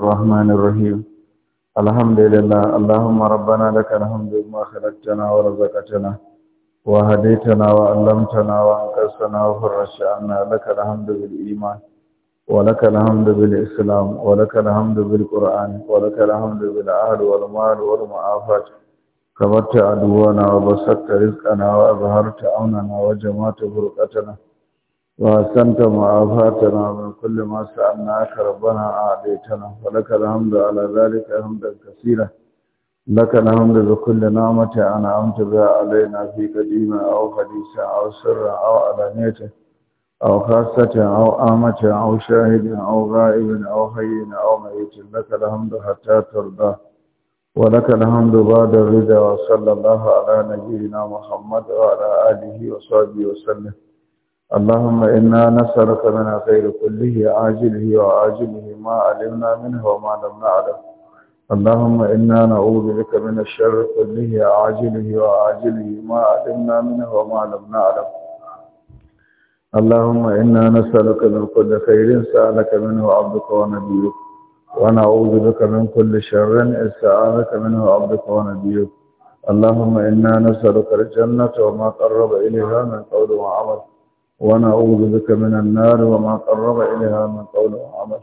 الرحمن الرحيم الحمد لله اللهم ربنا لك الحمد ما خلقتنا ورزقتنا وهديتنا وعلمتنا وانقذتنا وفرجت عنا لك الحمد بالإيمان ولك الحمد بالإسلام ولك الحمد بالقرآن ولك الحمد بالأهل والمال والمعافات كبرت عدونا وبسطت رزقنا وأظهرت عوننا وجمعت فرقتنا وأحسنت معافاتنا من كل ما سألناك ربنا أعطيتنا ولك الحمد على ذلك حمدا كثيرا لك الحمد بكل نعمة أنعمت بها علينا في قديمة أو حديثة أو سر أو علانية أو خاصة أو آمة أو شاهد أو غائب أو حي أو ميت لك الحمد حتى ترضى ولك الحمد بعد الرضا وصلى الله على نبينا محمد وعلى آله وصحبه وسلم اللهم إنا نسألك من خير كله عاجله وعاجله ما علمنا منه وما لم نعلم اللهم إنا نعوذ بك من الشر كله عاجله وعاجله ما علمنا منه وما لم نعلم اللهم إنا نسألك من كل خير سألك منه عبدك ونبيك ونعوذ بك من كل شر استعاذك منه عبدك ونبيك اللهم إنا نسألك الجنة وما قرب إليها من قول وعمل ونعوذ بك من النار وما قرب إليها من قول وعمل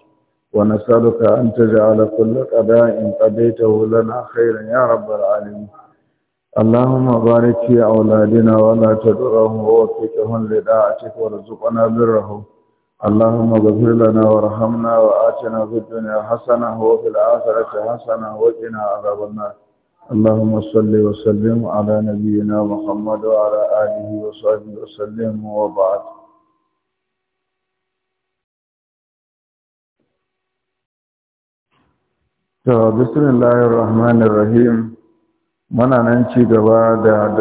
ونسألك أن تجعل كل قضاء قضيته لنا خيرا يا رب العالمين اللهم بارك في أولادنا ولا تدرهم ووفقهم لداعتك وارزقنا برهم اللهم اغفر لنا وارحمنا وآتنا في الدنيا حسنة وفي الآخرة حسنة وقنا عذاب النار اللهم صل وسلم على نبينا محمد وعلى آله وصحبه وسلم وبعد بسم الله الرحمن الرحيم muna nan ci gaba da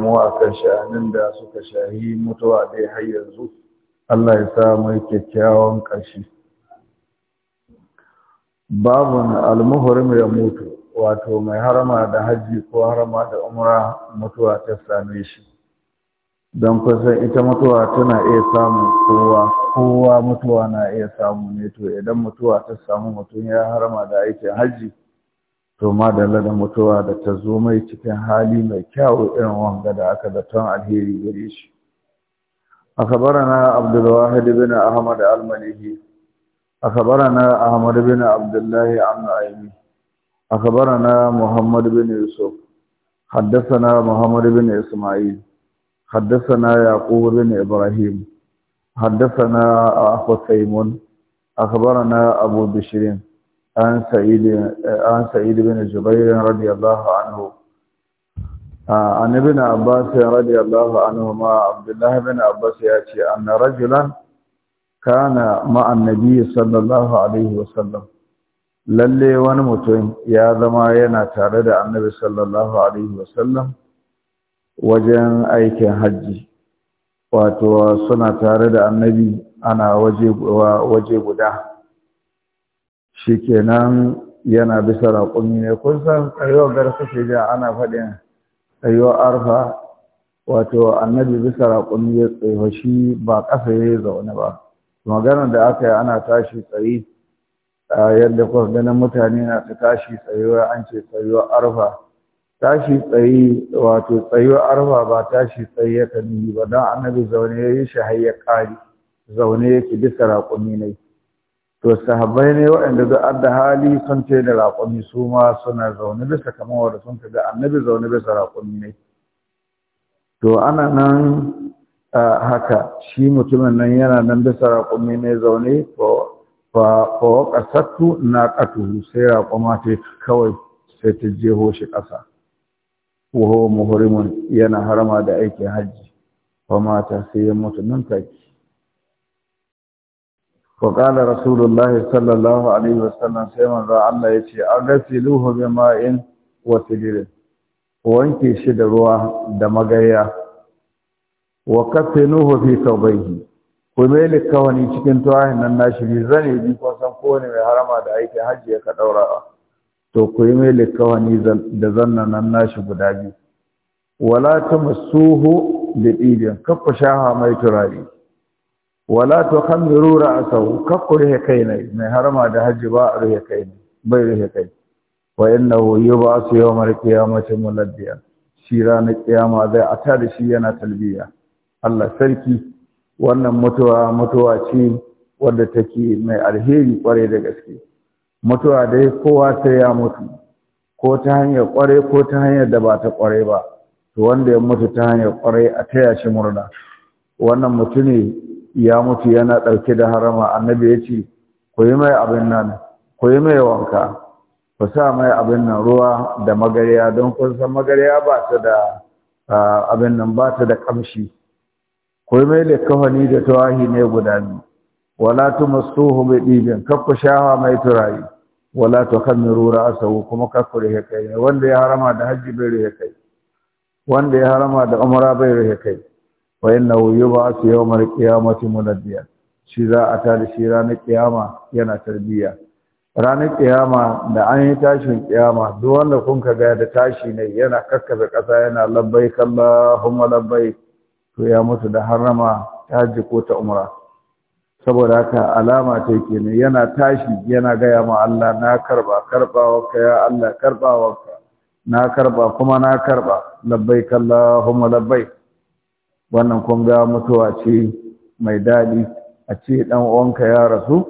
mu a kan sha'anin da suka shahi mutuwa dai har yanzu Allah ya sa mai kyakkyawan ƙarshe babun almuhrim ya mutu wato mai harama da hajji ko harama da umra mutuwa ta same shi don kusan ita mutuwa tana iya samun kowa kowa mutuwa na iya samu ne to idan mutuwa ta samu mutum ya harama da aikin hajji to madalla da mutuwa da ta zo mai cikin hali mai kyawu irin wanga da aka zaton alheri gare shi أخبرنا عبد الواحد بن أحمد المليكي أخبرنا أحمد بن عبد الله عن أيمي أخبرنا محمد بن يوسف حدثنا محمد بن إسماعيل حدثنا يعقوب بن إبراهيم حدثنا أخو سيمون أخبرنا أبو بشرين عن سعيد عن سعيد بن جبير رضي الله عنه عن ابن عباس رضي الله عنهما عبد الله بن عباس يأتي أن رجلا كان مع النبي صلى الله عليه وسلم lalle wani mutum ya zama yana tare da annabi sallallahu alaihi wasallam wajen aikin hajji wato suna tare da annabi ana waje guda shikenan yana bisa raƙumi ne kun san tsayuwar garsa ce ja ana faɗin tsayuwar arfa wato annabi bisa raƙumi ya tsaye shi ba ƙasa ya yi zaune ba maganar da aka yi ana tashi tsaye yadda da ganin mutane na ta tashi tsayuwa an ce tsayuwa arfa tashi tsayi wato tsayuwa arfa ba tashi tsayi ya yi ba don annabi zaune ya yi shi har ya ƙari zaune yake bisa raƙumi ne to sahabbai ne waɗanda zai adda hali sun ce da raƙumi su ma suna zaune bisa kamar wanda sun ga annabi zaune bisa raƙumi ne to ana nan haka shi mutumin nan yana nan bisa raƙumi ne zaune to fa fawqa na naqatuhu sai raƙuma ta kawai sai ta jeho shi ƙasa wa huwa yana harama da aikin hajji fa mata sai ya mutu nan take wa qala rasulullahi sallallahu alaihi wasallam sai manzo Allah ya ce yace agasiluhu bima'in wa sidirin wanke shi da ruwa da magaya wa kafinuhu fi tawbayhi ku mele kawani cikin tuwahin nan nashi bi zane bi kun san kowane mai harama da aikin hajji ya ka ɗaurawa to ku yi mele kawani da zanna nan nashi guda biyu wala ta masuhu da ɗibin kakku shaha mai turare wala ta a sau kakku rihe kai yi. mai harama da hajji ba a rufe kai na bai rihe kai wa innahu yub'asu yawmal qiyamati shi ranar kiyama zai ta da shi yana talbiya Allah sarki wannan mutuwa mutuwa ce wadda take mai alheri kwarai da gaske mutuwa dai kowa sai ya mutu ko ta hanyar kwarai ko ta hanyar da ba ta kwarai ba to wanda ya mutu ta hanyar kwarai a taya shi murna wannan mutune ya mutu yana ɗauke da harama annabi ya ce ku yi mai abin nan ku yi mai wanka ku sa mai abin nan ruwa da magarya, don kun san magarya ba ta da abin nan ba ta da ƙamshi ko mai likafani da tawahi ne guda biyu wala tumassuhu bi dijin kakku shawa mai turayi wala tukammiru ra'sahu kuma kakku rihe kai ne wanda ya harama da hajji bai rihe kai wanda ya harama da umra bai rihe kai wa innahu yub'asu yawmal qiyamati munadiya shi za a tada shi ranar kiyama yana tarbiyya ranar kiyama da an yi tashin kiyama duk wanda kun ka ga da tashi ne yana kakkaza kasa yana labbaik Allahumma labbaik to ya mutu da harama ta hajji ko ta umra saboda haka alama ta ce kenan yana tashi yana gaya ma Allah na karba karbawa ka ya Allah karbawa ka na karba kuma na karba labbaik Allahumma labbaik wannan kun ga mutuwa ce mai dadi a ce dan uwanka ya rasu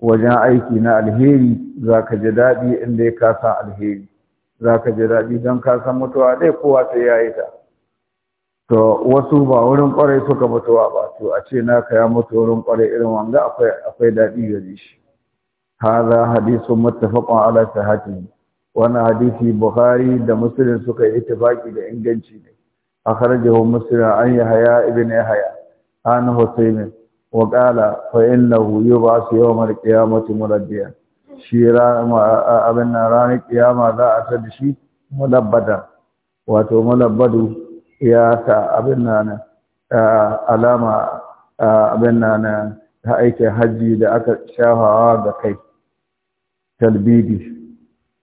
wajen aiki na alheri zaka ji dadi inda ya kasa alheri zaka ji dadi don ka san mutuwa dai kowa sai ya yi ta to wasu ba wurin kwarai suka mutuwa ba to a ce na ya mutu wurin kwarai irin wanga akwai akwai daɗi gare shi hadha hadithu muttafaqun ala sahhatihi wannan hadisi bukhari da muslim suka yi ittifaki da inganci ne akhrajahu muslim an yahya ibn yahya an husayn wa qala fa innahu yub'asu yawm al-qiyamati muraddiyan shi abin na ranar kiyama za a ta da shi mulabbada wato mulabbadu ya sa abin nan eh, alama eh, abin nan ta eh, aikin hajji da aka shafawa da kai talbidi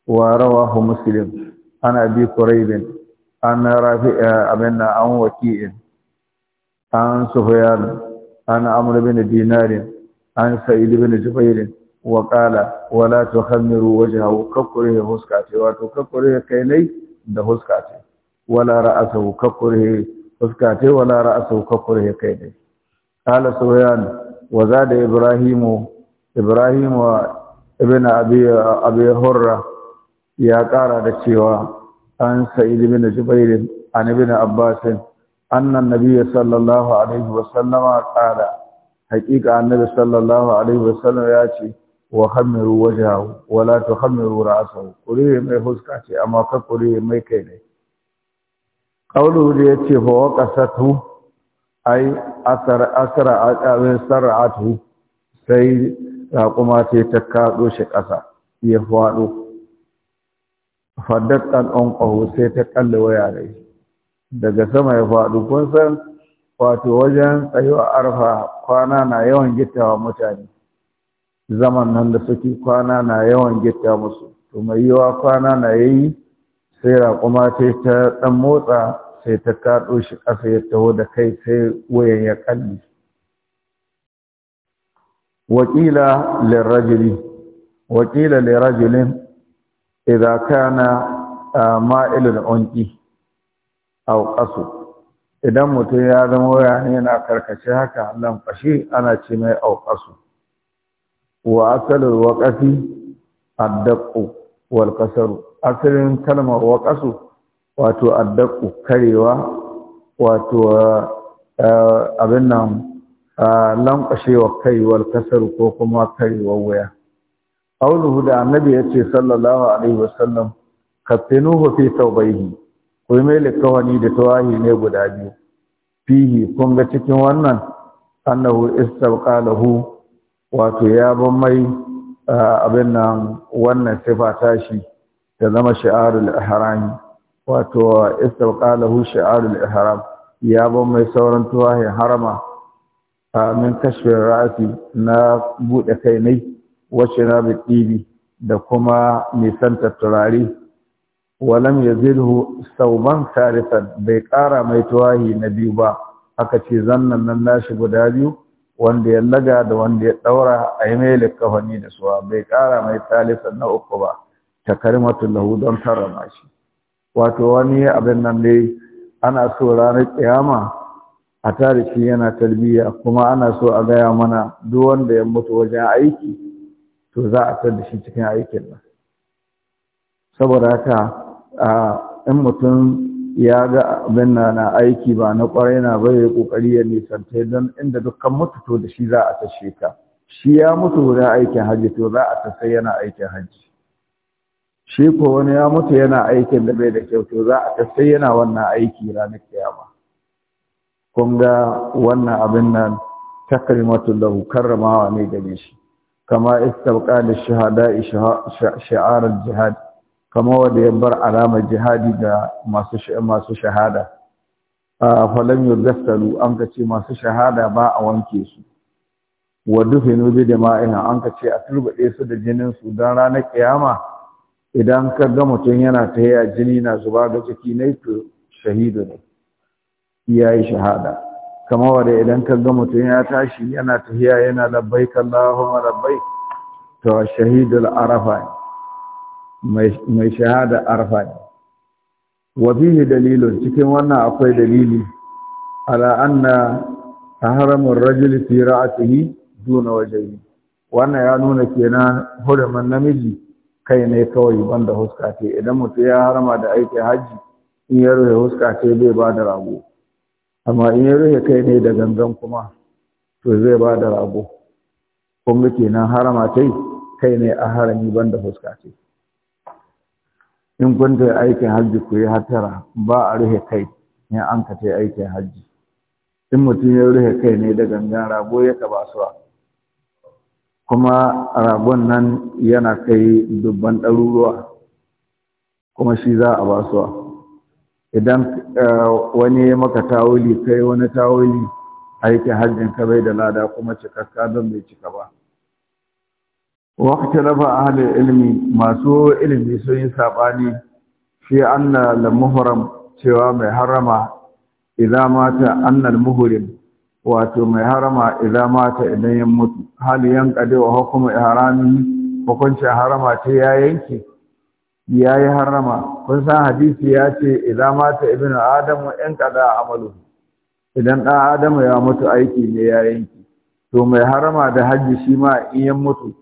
wa rawahu muslim ana bi quraibin an rafi abin nan an waki'in an sufyan an amr bin dinarin an sa'id bin jubair wa qala wala tukhammiru wajhahu kakkure huskati wato kakkure kainai da huskati wala ra'asahu kakurhe fuska tai wala ra'asahu kakurhe kai dai qala suhayan wa zada ibrahimu ibrahimu ibn abi abi hurra ya kara da cewa an sa'id ibn jubair an ibn abbas anna an-nabiy sallallahu alaihi wa sallama qala haqiqa annabi sallallahu alaihi wa sallam ya ce wa khamiru wajhahu wa la tukhamiru ra'sahu kuri mai huska ce amma ka kuri mai kai dai ƙaulu da ya ce fa waƙasatu ai sara'atu sai raƙuma ce ta kaɗo shi ƙasa ya faɗo faddar ɗan ƙaho sai ta ƙalla waya rai daga sama ya faɗo kun san wato wajen tsayuwa arfa kwana na yawan gittawa mutane zaman nan da suke kwana na yawan gittawa musu to mai yiwa kwana na yayi sai raƙuma sai ta ɗan motsa sai ta kaɗo shi ƙasa ya taho da kai sai wayan ya ƙalli wakila lirajili, wakila lirajilin idza kana ma'ilul unqi aw qasu idan mutum ya zama wurare yana karkace haka nan fashi ana ce mai aukasu wa asalin waƙafi addaƙo wal kasaru asalin kalmar waƙasu wato addaƙu karewa wato eh, abin nan eh, lankwashewa kaiwar kasar ko kuma karewar waya aulu da annabi ya ce sallallahu alaihi wasallam kafinuhu fi taubaihi ku mai likawani da tawahi ne guda biyu fihi kun ga cikin wannan annahu istabqalahu wato ya ban mai eh, abin nan wannan sifa tashi ta zama shi'arul ihram wato istaqalahu shi'arul ihram ya ba mai sauran ya harama min kashfin ra'asi na bude kai ne wacce na bi da kuma mai nisanta turare walam ya zirhu sauban tarifan bai ƙara mai tuwahi na biyu ba aka ce zannan nan nashi guda biyu wanda ya laga da wanda ya daura, a yi mai likafani da suwa bai ƙara mai talisan na uku ba ta karimatun lahu don karrama shi wato wani abin nan ne ana so ranar kiyama a tarihi yana talbiya kuma ana so a gaya mana duk wanda ya mutu wajen aiki to za a san da shi cikin aikin nan saboda haka in mutum ya ga abin na na aiki ba na kwarai na bai ya kokari ya nisanta don inda dukkan mutu to da shi za a tashe ka shi ya mutu wajen aikin hajji to za a tasai yana aikin hajji shi ko wani ya mutu yana aikin da bai da kyau to za a sai yana wannan aiki ranar kiyama kun ga wannan abin nan takrimatul lahu karramawa ne gare shi kama istalqa da shahada shi'ar jihad kama wanda ya bar alama jihadi da masu masu shahada a falan yurgasalu an ka ce masu shahada ba a wanke su wa dufinu bi da an ka ce a turbade su da jinin su dan ranar kiyama idan ka ga mutum yana ta a jini na zuba ga ciki na yi shahidu ne ya yi shahada kama wada idan ka ga mutum ya tashi yana ta yaya yana labbai kallahumma labbai to shahidu arafa ne mai shahada arafa ne wa dalilin cikin wannan akwai dalili ala anna haramur rajuli fi ra'atihi duna wajhihi wannan ya nuna kenan hurumin namiji kai ne kawai banda huska ce idan mutum ya harama da aikin hajji in ya rufe huska ce zai ba da rago amma in ya rufe kai ne da gangan kuma to zai ba da rago kun ga kenan harama ce kai ne a harami banda huska ce in kun ta aikin hajji ku yi hatara ba a rufe kai in an ka ta aikin hajji in mutum ya rufe kai ne da gangan rago ya ka ba kuma ragon nan yana kai dubban ɗaruruwa kuma shi za a basuwa idan eh, wani ya maka tawuli kai wani tawuli aikin hajjin ka bai da lada kuma cikakka don bai cika ba wakta a ahalin ilimi masu ilimi sun yi saɓani shi anna lamuhuram cewa mai harama idan mata anna almuhrim wato mai harama idan mata idan ya mutu hal yanqadi wa hukmu ihrami hukunci harama ce ya yanke ya yi harama kun san hadisi ya ce idan mata ibnu adamu kada amalu idan da adamu ya mutu aiki ne ya yanke to mai harama da hajji shi ma in ya mutu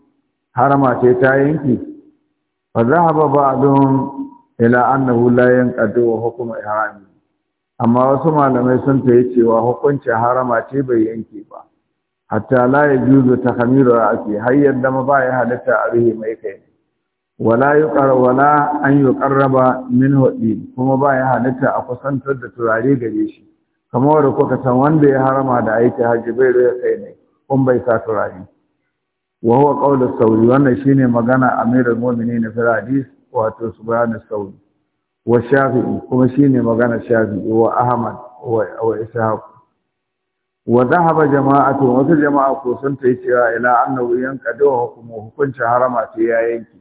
harama ce ta yanke fa zahaba ba'dun ila annahu la yanqadi wa hukuma ihrami amma wasu malamai sun ta yi cewa hukuncin harama ce bai yanke ba hatta la ya juzu ta hamiru ake har yadda ma ba ya halitta a ruhi mai kai wala yi wala an yi karraba min hudi kuma ba ya halitta a kusantar da turare gare shi kamar da kuka san wanda ya harama da aiki hajji bai ya kai ne kun bai sa turare wa huwa da sauri wannan shine magana amirul mu'minin na firadis, wato bayanin sauri wa shafi'i kuma shi ne magana shafi'i wa ahmad wa ishaq wa dhahaba jama'atu wasu jama'a ko sun ta cewa ila annahu yanqadu hukumu hukuncin harama ce ya yanki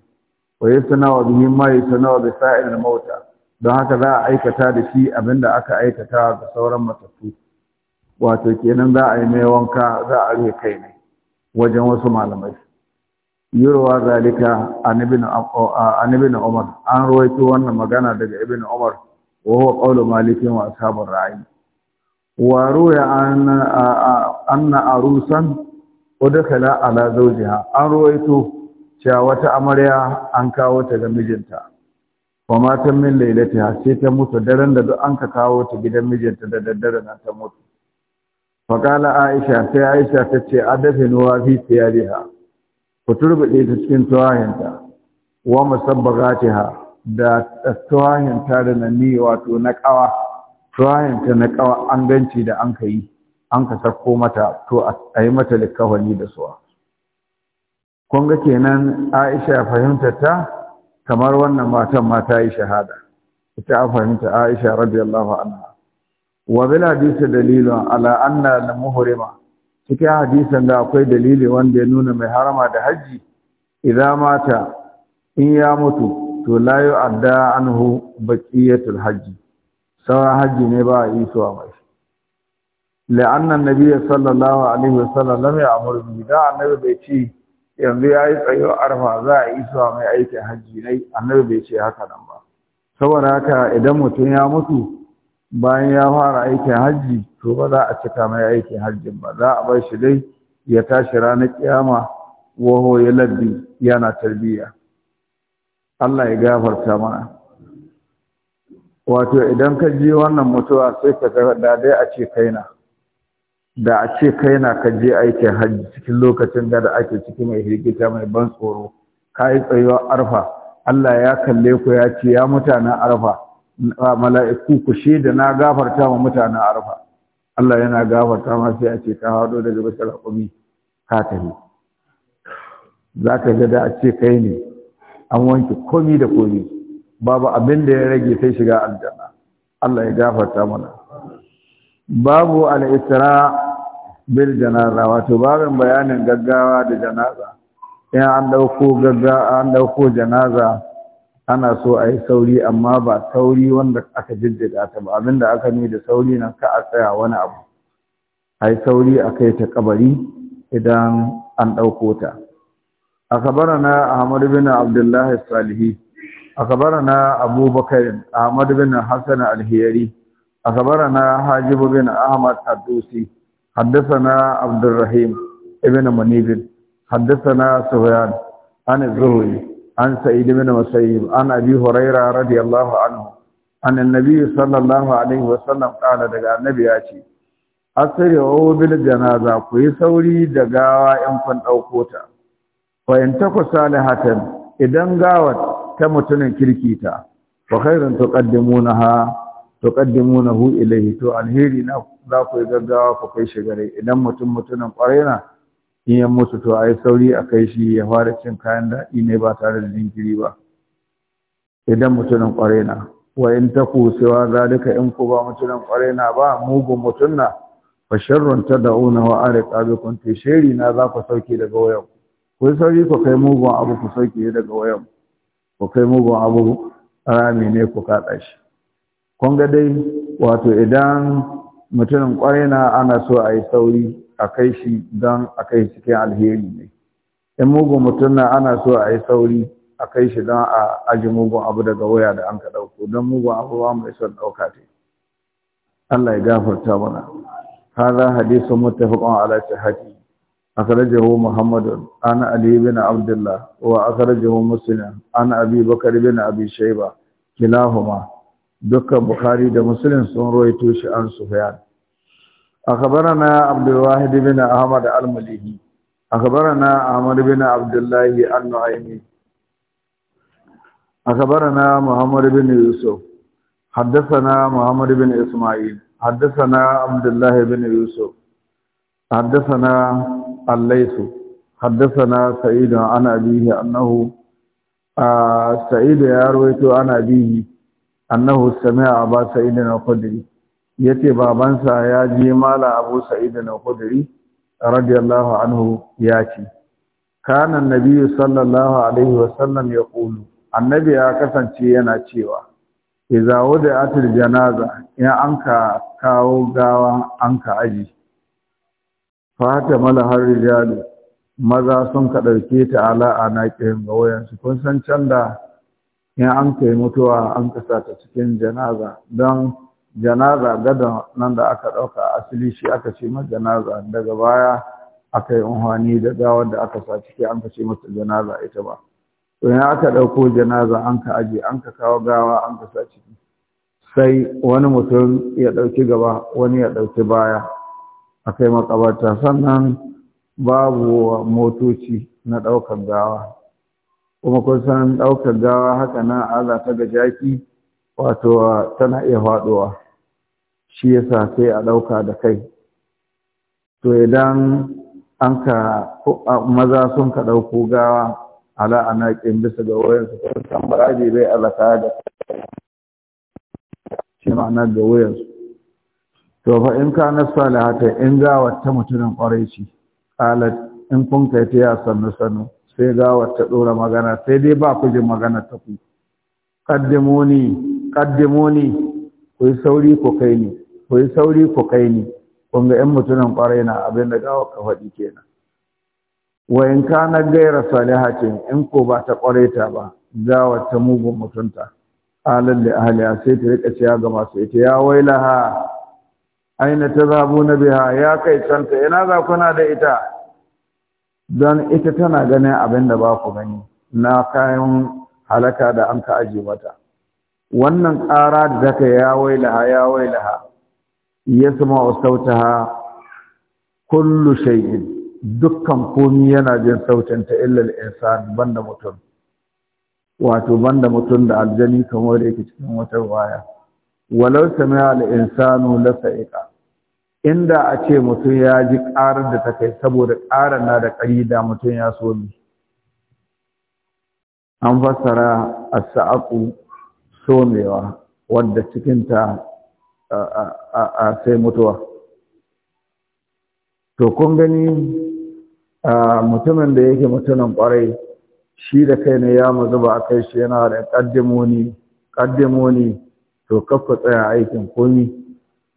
wa wa bihi ma wa bi sa'il al-mauta don haka za a aikata da shi abinda aka aikata ga sauran matattu wato kenan za a yi mai wanka za a rufe kai ne wajen wasu malamai yurwa zalika an ibn umar an rawaito wannan magana daga ibn umar wa huwa qawlu malik wa ashabur ra'i wa ruya an anna arusan udkhala ala zawjiha an rawaito cewa wata amarya an kawo ta ga mijinta wa matan min lailatiha sai ta mutu daren da duk an ka kawo ta gidan mijinta da daddare nan ta mutu fa qala aisha sai aisha tace adafinuwa fi siyariha ku turbuɗe ta cikin tuwahinta wa musabbagatiha da tuwahinta da na ni wato na ƙawa tuwahinta na ƙawa an ganci da an ka yi an ka sako mata to a yi mata likawani da suwa kun ga kenan Aisha ya fahimtar ta kamar wannan matan ma ta yi shahada ita a fahimta Aisha radiyallahu anha wa bila hadisi dalilun ala anna na cikin hadisan da akwai dalili wanda ya nuna mai harama da hajji Idan mata in ya mutu to la yu'adda anhu baqiyatul hajji sauran hajji ne ba a yi suwa mai la'anna nabiyyi sallallahu alaihi wasallam lam ya'mur bi da annabi bai ce yanzu yayi tsayo arfa za a yi suwa mai aikin hajji ne annabi bai ce haka nan ba saboda haka idan mutum ya mutu bayan ya fara aikin hajji to ba za a cika mai aikin hajjin ba za a bar shi dai ya tashi ranar kiyama waho ya labbi yana tarbiyya Allah ya gafarta mana wato idan ka je wannan mutuwa sai ka ga da dai a ce kaina da a ce kaina ka je aikin hajji cikin lokacin da da ake cikin mai hirgita mai ban tsoro ka yi tsayuwar arfa Allah ya kalle ku ya ce ya mutanen arfa mala'iku ku shaida na gafarta wa mutanen arfa Allah yana gafarta ma sai a ce ka haɗo daga bashar haƙumi ka yi. za ka ga da a ce kai ne an wanke komi da komi babu abin da ya rage sai shiga aljanna Allah ya gafarta mana babu al’isra bil janaza wato babin bayanin gaggawa da janaza in an ɗauko gaggawa an janaza ana so a yi sauri amma ba sauri wanda aka jiddada ta ba abinda aka ne da sauri nan ka a tsaya wani abu a yi sauri a kai ta kabari idan an ɗauko ta a kabara na ahmadu bin abdullahi salihi a kabara na abubakar ahmadu bin hassan alheri a kabara na hajibu bin ahmad addusi haddasana abdurrahim ibn munibin haddasana suhayan an zuhuri عن سعيد بن مسيب عن أبي هريرة رضي الله عنه عن النبي صلى الله عليه وسلم قال دقاء النبي آتي أسرعوا بالجنازة كي سوري دقاء إن كن أوقوتا وإن تكو صالحة إذن قاوت كمتن كركيتا وخير تقدمونها تقدمونه إليه تو الهيري ذاكو إذن قاوة كي شغري إذن متن متن قرينا in yan mutu to a yi sauri a kai shi ya fara cin kayan daɗi ne ba tare da jinkiri ba idan mutumin ƙwarai na wa in ta kusewa duka in ku ba mutumin ƙwarai na ba mugun mutum na ba sharrun ta da'una wa ariqa kun ce. Sheri na za ku sauke daga wayan ku sauri ku kai mugun abu ku sauke daga wayan ku kai mugun abu rami ne ku kaɗa shi kun ga dai wato idan mutumin ƙwarai na ana so a yi sauri a kai shi don a kai cikin alheri ne in mugu mutum na ana so a yi sauri a kai shi don a aji mugu abu daga waya da an ka ɗauko don mugu abu ba mai son ɗauka ce Allah ya gafarta mana hadha hadithu muttafaqun A sahihi akhrajahu Muhammadu, ana Aliyu bin abdullah wa akhrajahu muslim ana abi bakr bin abi shayba kilahuma dukkan bukhari da muslim sun ruwaito shi an sufyan أخبرنا عبد الواحد بن أحمد المليه أخبرنا أحمد بن عبد الله النعيمي أخبرنا محمد بن يوسف حدثنا محمد بن إسماعيل حدثنا عبد الله بن يوسف حدثنا الليث حدثنا سعيد عن أبيه أنه سعيد يا رويت عن أبيه أنه سمع أبا سعيد الخدري ya ce babansa ya je mala abu Sa'idu na kuduri radiyallahu anhu ya ce kanan nabiyu sallallahu alaihi wasallam ya kulu. annabi ya kasance yana cewa iza wuda atul janaza ya ka kawo gawa ka aji fata mala har rijalu maza sun ka ta ala'a na naƙirin ga wayansu kun san can da in an kai mutuwa an kasa ta cikin janaza don janaza gadon nan da aka ɗauka a asali shi aka ce ma janaza daga baya aka yi unhwani da gawar da aka sa ciki an ka ce masa janaza ita ba to ya aka ɗauko janaza an ka aje an ka kawo gawa an ka sa ciki sai wani mutum ya ɗauki gaba wani ya ɗauki baya a kai makabarta sannan babu motoci na ɗaukar gawa kuma kusan ɗaukar gawa haka na ala ta ga jaki wato tana iya faɗowa shi yasa sai a ɗauka da kai to idan an ka maza sun ka ɗauko gawa ala naƙin bisa ga su kan san baraji bai alaka da shi ma'ana ga su to fa in ka na salihata in gawar ta mutumin ƙwarai ce qalat in kun kai ta ya sannu sannu sai gawar ta ɗora magana sai dai ba ku jin magana ta ku ƙaddimoni ƙaddimoni ku yi sauri ku kai ni ku yi sauri ku kai ni kun ga ‘yan mutumin ƙwarai na abin da gawa ka faɗi kenan wa Wayan ka na gaira ce in ko ba ta ƙwarai ta ba gawa ta mugun mutunta alal da ahliya sai ta rika ciya ga masu ita ya wailaha aina ta zabu na biha ya kai canta ina za kuna da ita don ita tana ganin abin da ba ku gani na kayan halaka da an ka aji mata wannan ƙara da zaka ya ha, ya ha. yasma'u sautaha kullu shay'in dukkan komi yana jin sautin ta illa al-insan banda mutum wato banda mutum da aljani kamar da yake cikin wata waya walau sami'a al-insanu la sa'iqa inda a ce mutum ya ji ƙarar da ta kai saboda ƙarar na da ƙari da mutum ya so ni an fassara as-sa'aqu somewa wadda cikinta a sai mutuwa to kun gani mutumin da yake mutumin kwarai shi da kai ne ya mazu ba a kai shi yana da kaddimoni kaddimoni to kafa tsaya aikin komi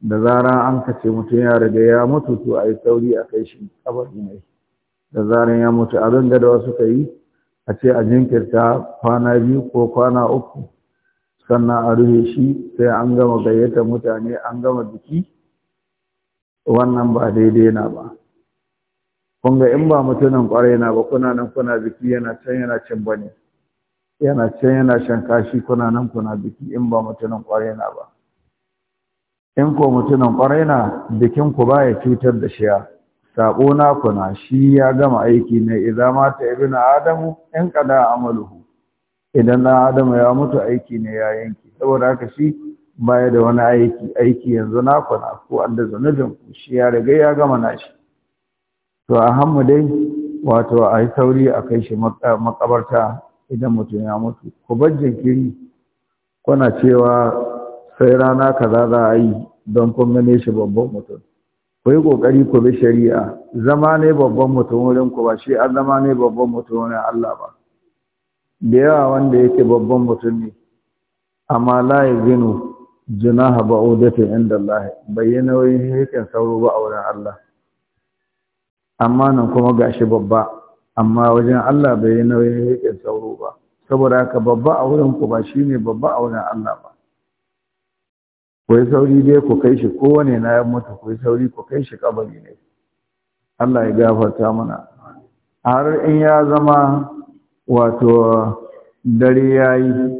da zara an kace mutum ya riga ya mutu to a yi sauri a kai shi kabari mai da zaran ya mutu abin da wasu ka yi a ce a jinkirta kwana biyu ko kwana uku sannan a rufe shi sai an gama gayyata mutane an gama biki wannan ba daidai na ba kun ga in ba mutumin kwarai na ba kuna nan kuna biki yana can yana can ne yana can yana shan kashi kuna nan kuna biki in ba mutumin kwarai na ba in ko mutumin kwarai na bikin ku ba ya cutar da shiya sabo na kuna shi ya gama aiki ne idza mata ibnu adamu in qada amaluhu idan na adam ya mutu aiki ne ya yanke saboda haka shi baya da wani aiki aiki yanzu na kwana ko an da zunubin shi ya riga ya gama nashi to a Hamadai, dai wato a yi sauri a kai shi makabarta idan mutum ya mutu ku bar jinkiri kuna cewa sai rana kaza za a yi don kun gane shi babban mutum ku yi ƙoƙari ku bi shari'a zama ne babban mutum wurin ku ba shi an zama ne babban mutum wurin Allah ba da yawa wanda yake babban mutum ne amma la zinu, junaha ba'udatu inda Allah bayyana wani hikin sauro ba a wurin Allah amma nan kuma gashi babba amma wajen Allah bai wani hikin sauro ba saboda haka babba a wurin ku ba shine babba a wurin Allah ba ku yi sauri dai ku kai shi kowane na yi mutu ku yi sauri ku kai shi kabari ne Allah ya gafarta mana har in ya zama wato dare ya yi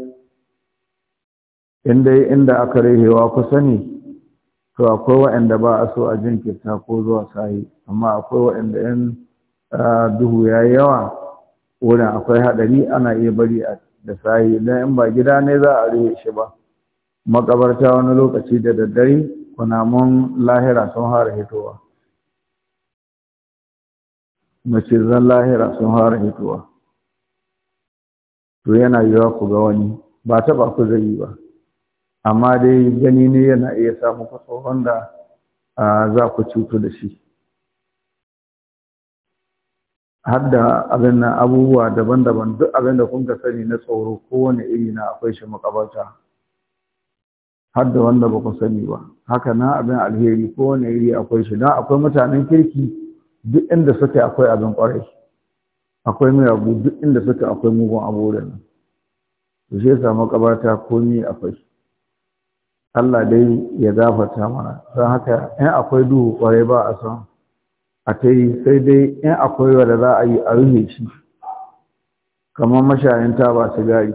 inda inda aka rehewa kusa ne to akwai wa'anda ba a so a jin kirta ko zuwa sahi amma akwai waanda yan duhu ya yi yawa wurin akwai haɗari ana iya bari a da sahi Idan in ba gida ne za a rihe shi ba makabarta wani lokaci da daddare kunamun lahira sun fara hitowa macizan lahira sun fara hitowa to yana yiwa ku ga wani ba ta ba ku zai yi ba amma dai gani ne yana iya samu kaso wanda za ku cutu da shi har da abin nan abubuwa daban-daban duk abin da kun ka sani na tsoro kowane iri na akwai shi makabarta har da wanda ba ku sani ba haka na abin alheri kowane iri akwai shi don akwai mutanen kirki duk inda suke akwai abin kwarai akwai miyagu duk inda suka akwai mugun abubuwan nan da shi yasa makabata komi akwai Allah dai ya gafarta mana don haka in akwai duhu kwarai ba a san a ta yi sai dai in akwai wanda za a yi a rufe shi kamar mashayin ta taba sigari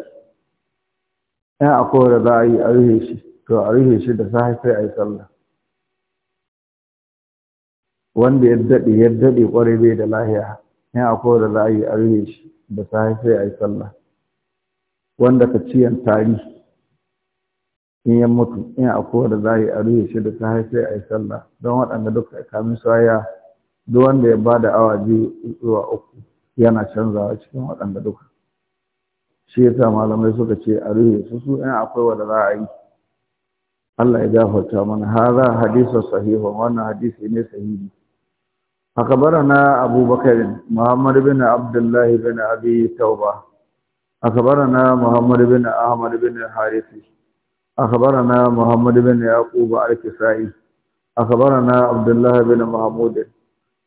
in akwai wanda za a yi a rufe shi to a rufe shi da sahi sai a yi sallah wanda ya daɗe ya daɗe kwarai bai da lahiya in akwai da za a yi a shi da safe sai a yi sallah wanda ka ciyan tari in ya mutu in akwai da za a yi a shi da safe sai a yi sallah don waɗanda duka kamin soyayya duk wanda ya ba da awa biyu zuwa uku yana canzawa cikin waɗanda duka shi ya sa malamai suka ce a rure su su in akwai wanda za a yi Allah ya gafarta mana hadha hadithu wannan hadisi ne sahihi أخبرنا أبو بكر محمد بن عبد الله بن أبي توبة أخبرنا محمد بن أحمد بن حارث أخبرنا محمد بن يعقوب الكسائي أخبرنا عبد الله بن محمود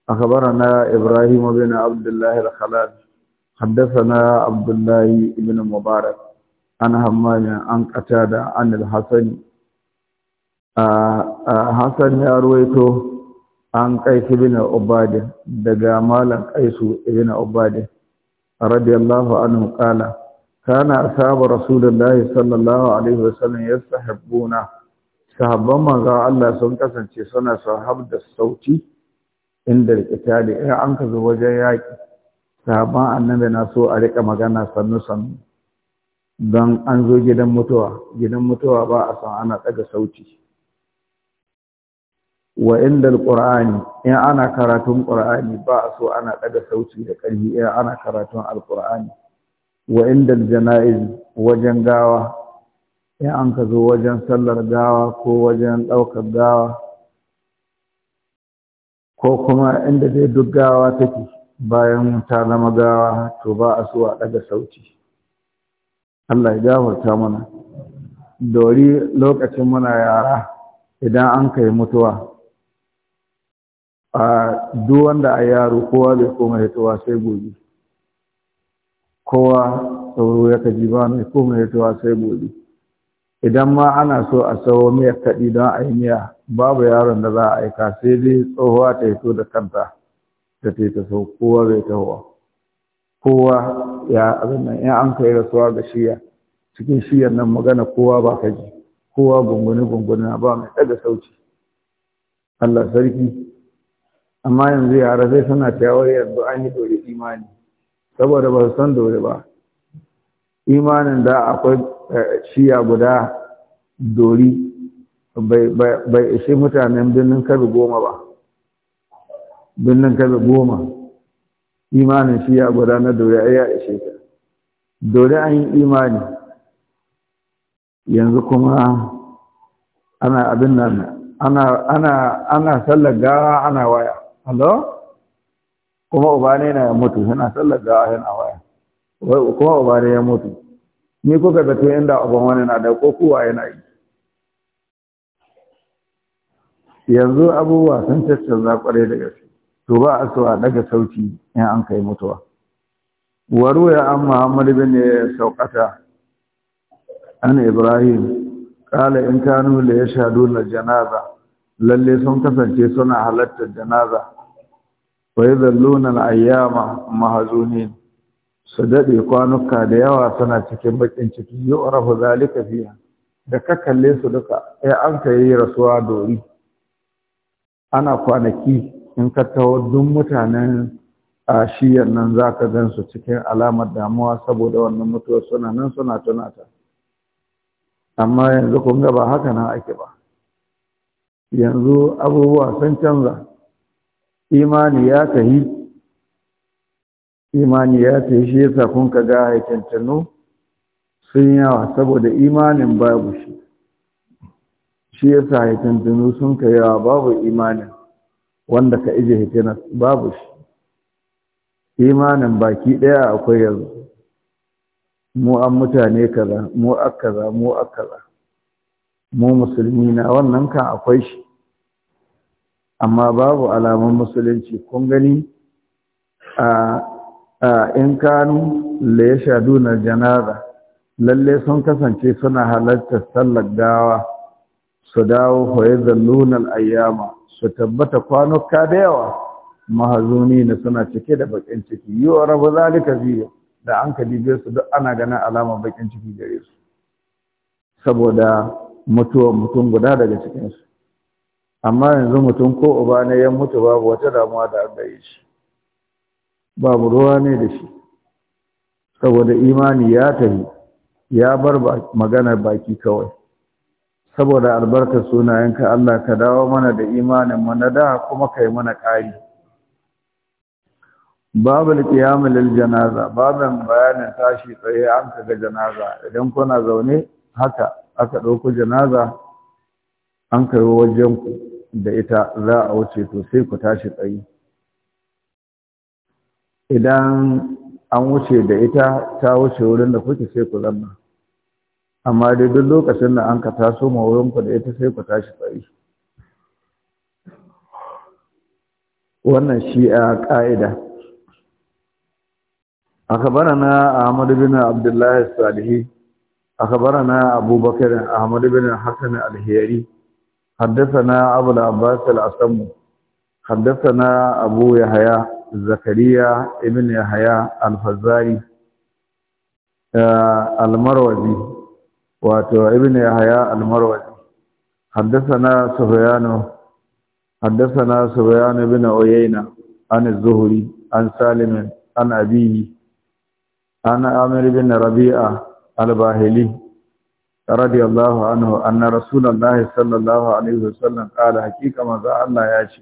أخبرنا إبراهيم بن عبد الله الخلال حدثنا عبد الله بن مبارك عن همام عن قتادة عن الحسن حسن يرويته an kai bin ubadin daga malam kaisu ibn ubadin radiyallahu anhu qala kana ashabu rasulullahi sallallahu alaihi wasallam yastahibbuna sahabban manzo Allah sun kasance suna sahab da sauti inda rikitali in an ka zo wajen yaki sahabban annabi na so a rika magana sannu sannu don an zo gidan mutuwa gidan mutuwa ba a san ana daga sauti wa inda alqur'ani in ana karatun qur'ani ba so ana daga sauci da ƙarfi in ana karatun alqur'ani wa inda aljana'iz wajen gawa in an ka zo wajen sallar gawa ko wajen ɗaukar gawa ko kuma inda dai duk gawa take bayan ta zama gawa to ba a so a daga sauci Allah ya gafarta mana dori lokacin muna yara idan an kai mutuwa a duk wanda a yaro kowa bai koma hitowa sai gobe kowa sauro ya kaji ba mai koma hitowa sai gobe idan ma ana so a sauro miyar kaɗi don a yi miya babu yaron da za a aika sai dai tsohuwa ta hito da kanta ta yi ta sau kowa bai tahowa kowa ya abin nan in an kai rasuwa ga shiya cikin shiyar nan magana kowa ba kaji kowa gungune gungune ba mai ɗaga sauci Allah sarki amma yanzu yara sai suna cewa yanzu an yi dore imani saboda ba su san dore ba imanin da akwai eh, shiya guda dori bai ishe mutanen birnin kabi goma ba birnin kabi goma imanin shiya guda na dore ya ishe ta dore an yi imani yanzu kuma ana abin nan ana ana sallar gawa ana waya Hello? kuma uba ne ya mutu yana sallar da ahin a waya kuma uba ya mutu ni kuka zafi inda uban wani na da ko yana yi yanzu abubuwa sun caccanza kwarai da gaske to ba a so daga sauti in an kai mutuwa waru ya an muhammad bin saukata an ibrahim kala in kanu sha na janaza lalle sun kasance suna halartar janaza wa yadhalluna al-ayyama mahzunin su daɗe kwanuka da yawa suna cikin bakin ciki yu'rafu zalika fiha da ka kalle su duka ai eh, an ka yi rasuwa dori ana kwanaki in ka taho duk mutanen a shiyar nan za ka gan su cikin alamar damuwa saboda wannan mutuwar suna nan suna tunata amma yanzu kun ga ba haka nan ake ba yanzu abubuwa sun canza imani ya tahi imani ya yi shi yasa kun ka ga haikantanu sun yawa saboda imanin babu shi shi yasa haikantanu sun ka yawa babu imanin wanda ka ije hikinas babu shi imanin baki ɗaya akwai yanzu mu an mutane kaza mu akaza mu akaza mu musulmi na wannan kan akwai shi amma babu alamun musulunci kun gani a in kanu la na janaza lalle sun kasance suna halartar sallar dawa su dawo hoye zallunan ayyama su tabbata kwanuka da yawa mahazuni na suna cike da bakin ciki yi wa rabu zalika biyu da an ka su duk ana ganin alamar bakin ciki gare su saboda mutuwar mutum guda daga cikinsu amma yanzu mutum ko uba ne ya mutu babu wata damuwa da an shi babu ruwa ne da shi saboda imani ya tafi ya bar maganar baki kawai saboda albarkar sunayenka Allah ka dawo mana da imanin mu na da kuma kai mana ƙari Babu qiyam lil janaza babu bayanin tashi tsaye an ga janaza idan kuna zaune haka aka ɗauko janaza an kai wajen ku da ita za a wuce to sai ku tashi tsayi idan an wuce da ita ta wuce wurin da kuke sai ku zanna amma dai duk lokacin da an ka taso ma wurin ku da ita sai ku tashi tsayi wannan shi a ƙa'ida أخبرنا أحمد بن عبد الله الصالحي أخبرنا أبو بكر أحمد بن الحسن الهيري حدثنا أبو العباس الأسم حدثنا أبو يحيى زكريا ابن يحيى الفزاري المروزي واتو ابن يحيى المروزي حدثنا سفيان حدثنا سفيان بن عيينة عن الزهري عن سالم عن أبيه عن عامر بن ربيعه al-bahili radiyallahu anhu anna rasulullahi sallallahu alaihi wasallam qala hakika ma za Allah ya ce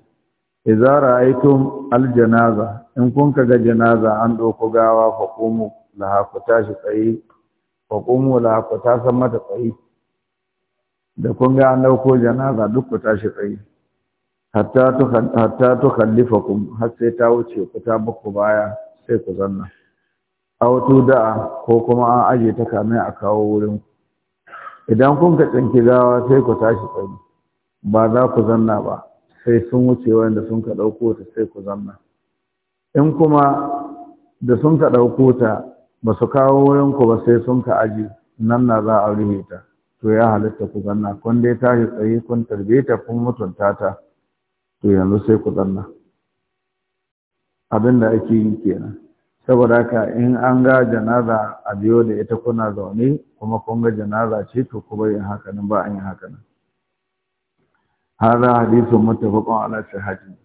idza ra'aytum tun aljanaza, in kun ga janaza an doko gawa fa qumu la hakuta shi tsayi fa qumu la san mata tsayi da kun ga an dauko janaza duk ta tashi tsayi hatta to hatta ta wuce ku ta baku baya sai ku zanna A wato da'a ko kuma an aje ta kame a kawo wurin idan kun ka tsinki gawa sai ku tashi tsari ba za ku zanna ba sai sun wuce wanda sun ka ɗauko ta sai ku zanna in kuma da sun ka ɗauko ta ba su kawo wurin ku ba sai sun ka aje nan na za a rufe ta to ya halitta ku zanna kun dai tashi tsari kun tarbe ta kun mutunta ta to yanzu sai ku zanna abin da ake yi kenan saboda haka in an ga janaza a biyo da ita kuna zaune kuma kun ga janaza ce to kuma yin haka nan ba an yi haka nan hadha hadithu muttafaqun ala sahihi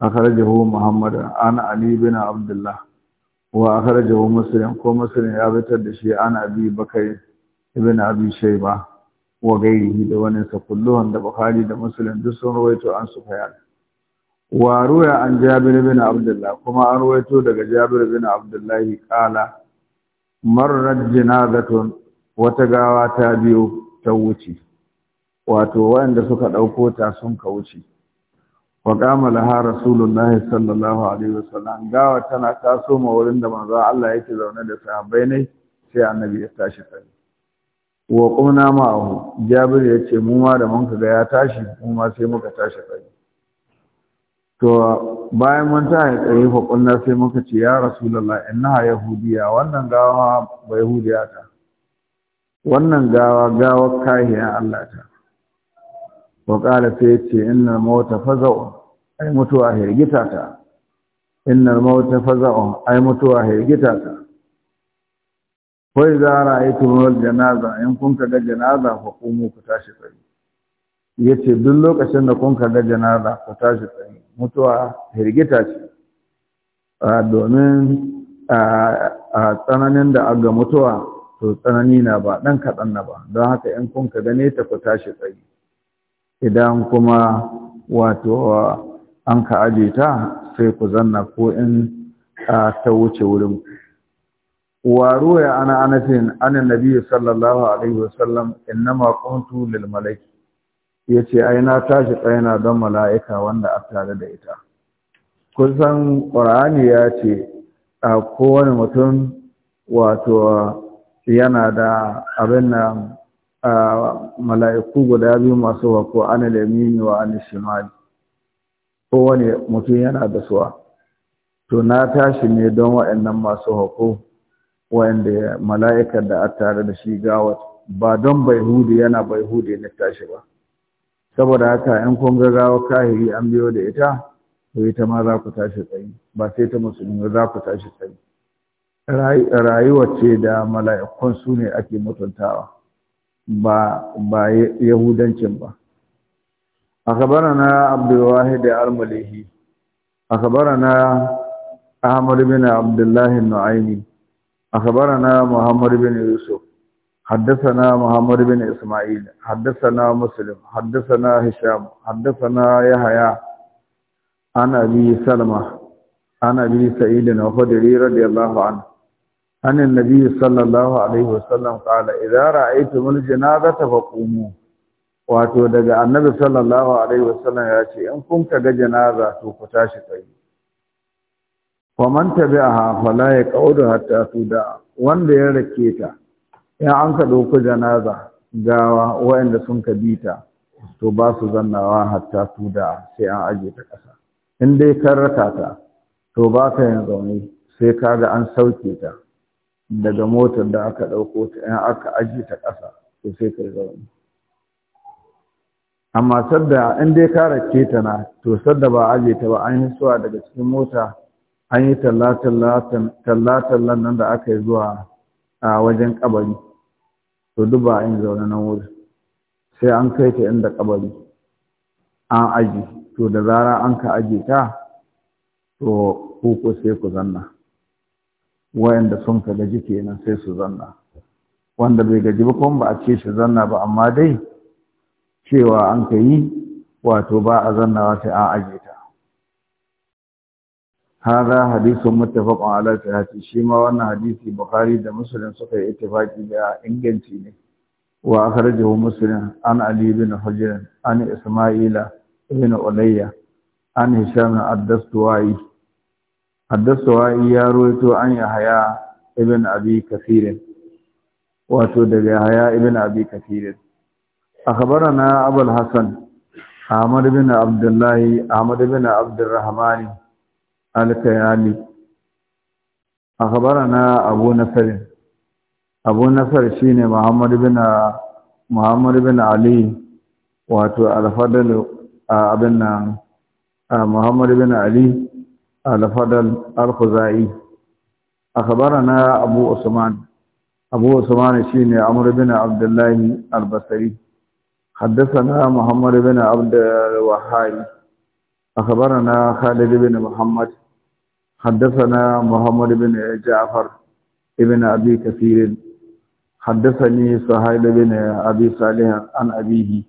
akhrajahu muhammad an ali bin abdullah wa akhrajahu muslim ko muslim ya bitar da shi an abi bakai ibn abi shayba wa gairihi da wani sa kulluhun da bukhari da muslim duk sun rawaito an su fayar wa ruwa an jabir bin abdullah kuma an ruwaito daga jabir bin abdullahi kala marrat jinazatun wata gawa ta biyo ta wuce wato waɗanda suka ɗauko ta sun ka wuce wa qama laha rasulullah sallallahu alaihi wasallam gawa tana taso ma wurin da manzo Allah yake zaune da sahabbai ne sai annabi ya tashi tsaye wa qumna ma'ahu jabir yace mu ma da mun ka ga ya tashi mu ma sai muka tashi tsaye to bayan mun ta yi tsaye fa kunna sai muka ce ya rasulullah innaha yahudiya wannan gawa ba yahudiya ta wannan gawa gawa kahiya Allah ta wa qala sai ce inna mauta faza'u ai mutuwa hirgita ta inna mauta faza'u ai mutuwa hirgita ta wai za ra'aytum wal janaza in kun kaga janaza fa qumu ku tashi tsaye yace duk lokacin da kun kaga janaza ku tashi tsaye mutuwa hirgita ce domin a tsananin da aga mutuwa to tsanani na ba ɗan kaɗan na ba don haka in kun ka gane ta ku tashi tsaye idan kuma wato an ka aje ta sai ku zanna ko in ta wuce wurin waro ya ana anafin anan nabi sallallahu alaihi wasallam innama kuntu lil malaki ya ce ai na tashi tsayana don mala'ika wanda a tare da ita kusan ƙwarani ya ce a kowane mutum wato yana da abin na mala'iku guda biyu masu wako ana lamini wa an shimali kowane mutum yana da suwa to na tashi ne don wa’annan masu hako wanda mala'ikar da a tare da shi gawat ba don bai hudu yana bai hudu na tashi ba saboda haka in kun ga gawa kahiri an biyo da ita to ita ma za ku tashi tsayi ba sai ta musulmi za ku tashi tsayi rayuwar ce da mala'ikun su ne ake mutuntawa ba ba yahudancin ba أخبرنا عبد الواحد na أخبرنا أحمد بن عبد الله النعيمي أخبرنا محمد بن يوسف حدثنا محمد بن اسماعيل حدثنا مسلم حدثنا هشام حدثنا يحيى عن ابي سلمة عن ابي سعيد الخدري رضي الله عنه عن النبي صلى الله عليه وسلم قال اذا رايتم الجنازه فقوموا wato daga annabi sallallahu alaihi wasallam ya ce in kun kaga janaza to ku tashi tsaye wa man tabi'aha fala yaqaudu hatta tuda wanda ya rake ta in an ka ɗauki janaza gawa waɗanda sun ka bita to ba su zannawa hatta su da sai an aje ta ƙasa in dai kan raka ta to ba ka yin zaune sai ka ga an sauke ta daga motar da aka ɗauko ta in aka aje ta ƙasa to sai ka yi zaune amma sadda in dai ka rake ta na to sadda ba aje ta ba an yi suwa daga cikin mota an yi talla-tallan nan da aka yi zuwa a wajen kabari to duk ba in zaune na wurin sai an kai ta inda kabari an aji to da zara an ka aji ta to ku sai ku zanna wayanda sun ka gaji kenan sai su zanna wanda bai gaji ba kuma ba a ce shi zanna ba amma dai cewa an ka yi wato ba a zannawa sai an aje ta hadha hadithun muttafaqun ala sahihati shi ma wannan hadisi bukhari da muslim suka yi ittifaki da inganci ne wa akhrajahu muslim an ali bin hujr an isma'ila ibn ulayya an hisham ad-dastuwai ad-dastuwai ya ruwaito an yahya ibn abi kathir wato daga yahya ibn abi kathir akhbarana abul hasan ahmad bin abdullah ahmad bin abdurrahman alkayali akhbarana abu nasr abu nasr shi ne Muhammadu bin ali wato al-fadl abin nan Muhammadu bin ali al-fadl al-khuzai akhbarana abu usman abu usman shine amr bin Abdullahi al-basri حدثنا محمد بن عبد الوهاب أخبرنا خالد بن محمد حدثنا محمد بن جعفر ابن أبي كثير حدثني سهيل بن أبي صالح عن أبيه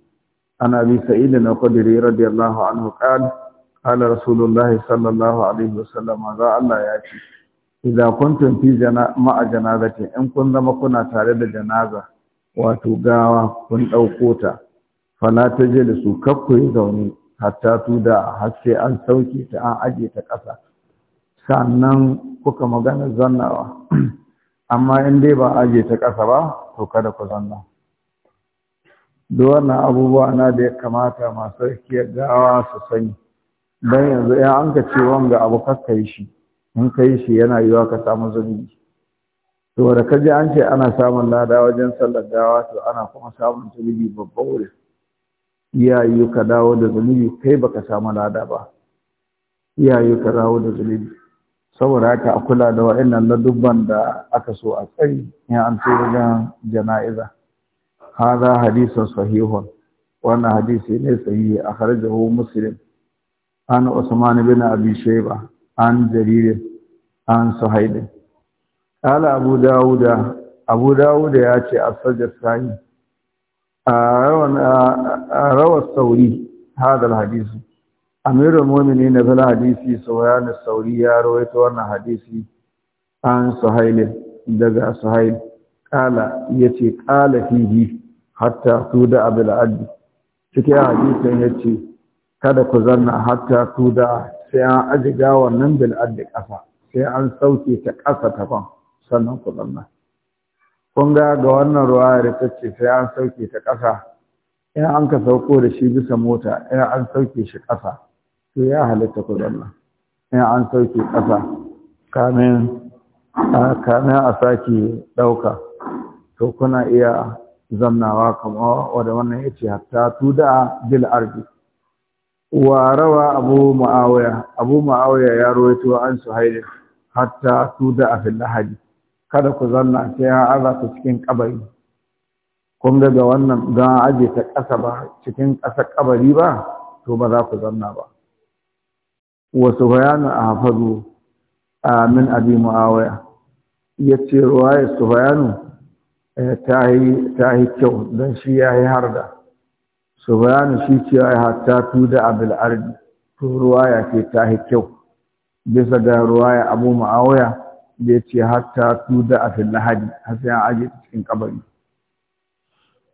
عن أبي سعيد القدري رضي الله عنه قال قال رسول الله صلى الله عليه وسلم ذا الله يأتي إذا كنتم في جنا مع جنازة إن ما كنا تارد جنازة وتقاوى كن أو قوتا فلا تجلسوا كبكوا زوني حتى tuda har أن an sauke تكسر sannan kuka magana zannawa amma in dai ba aje ta ƙasa ba to kada ku zanna duk wannan abubuwa na da ya kamata masu rikiyar gawa su sani don yanzu in an ka ce wanga abu kakka yi shi in ka yi shi yana yiwa ka samu zunubi to da ka je an ce ana samun lada wajen sallar gawa to ana kuma samun zunubi babba wurin iyaye ka dawo da zunubi kai baka samu lada ba iyaye ka dawo da zunubi saboda haka a kula da wa'annan laduban da aka so a tsari ya an ce wajen jana'iza hada hadisun sahihun wannan hadisi ne sahihi a kharajahu muslim an usman bin abi shayba an jarir an suhaib qala abu abu dawuda ya ce a sajjad sahi a rawa sauri hadal hadisi amirul mu'minin na zala hadisi sauyan sauri ya rawaito wannan hadisi an suhail daga suhail kala yace kala fihi hatta tuda abul addi cikin ya ce, kada ku zanna hatta tuda sai an ajiga wannan bil addi kasa sai an sauke ta kasa ta ban sannan ku zanna kun ga wannan ruwa ya ta ce sai an sauke ta ƙasa Ina an ka sauko da shi bisa mota Ina an sauke shi ƙasa to ya halitta ku Allah in an sauke ƙasa kamin a sake ɗauka to kuna iya zannawa kama wadda wannan ya ce hatta da bil arzi. wa rawa abu ma'awaya abu ma'awaya ya rawaito an su haini hatta tu da a fil lahadi kada ku zanna sai ya aza ta cikin kabari kun daga ga wannan don aje ta ƙasa ba cikin ƙasa ƙabari ba to ba za ku zanna ba wa sufyanu ahfazu min abi muawiya yace ruwaya sufyanu eh, ta yi ta yi kyau dan shi yayi harda sufyanu shi ce ai hatta tu da abul ardi to ruwaya ce ta yi kyau bisa ga ruwaya abu muawiya da ya ce hatta tu da afil lahadi har sai an aje cikin kabari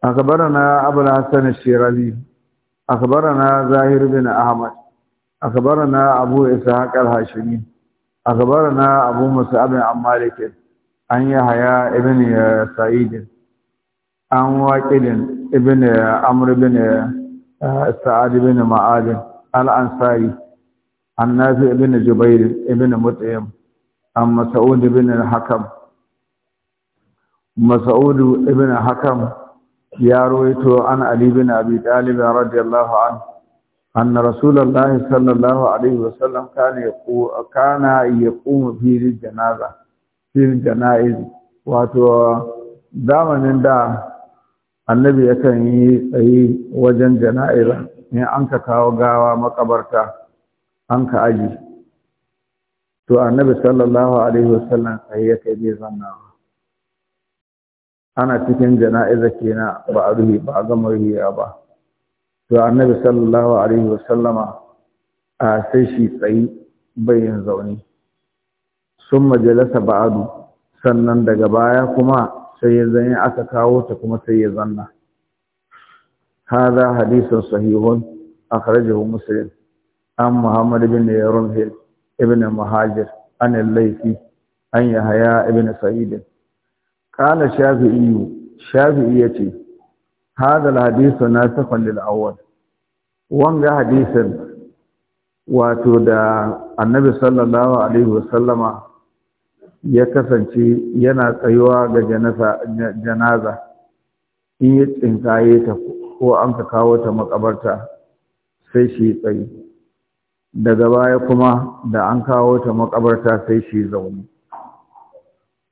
أخبرنا أبو الحسن الشيرازي أخبرنا زاهر بن أحمد أخبرنا أبو إسحاق الهاشمي أخبرنا أبو مصعب عن مالك عن يحيى ابن سعيد عن واكد ابن عمرو بن سعد بن معاذ الأنصاري عن نافع بن جبير ابن مطعم عن مسعود بن الحكم مسعود ابن الحكم يا رويته عن علي بن أبي طالب رضي الله عنه أن رسول الله صلى الله عليه وسلم كان يقوم كان يقوم في da annabi yakan yi tsaye wajen jana'iza in an ka kawo gawa makabarta an ka aji to annabi sallallahu alaihi wasallam tsaye ya kai bai zanna ana cikin jana'izar kenan ba a ruhi ba a gama ruhiya ba to annabi sallallahu alaihi wa sallama a sai shi tsayi bayin zaune sun majalasa ba'adu sannan daga baya kuma sai ya zane aka kawo ta kuma sai ya zanna hadha hadithun sahihun akhrajahu muslim an muhammad Yaron yarumhil ibn muhajir an laifi, an yahya ibn sa'id kana Shafi iya ce. هذا الحديث ناسخ للأول wanga hadisin wato da annabi sallallahu alaihi wasallama ya kasance yana tsayuwa ga janaza in yi tsinkaye ta ko an ka kawo ta makabarta sai shi tsayi daga baya kuma da an kawo ta makabarta sai shi zaune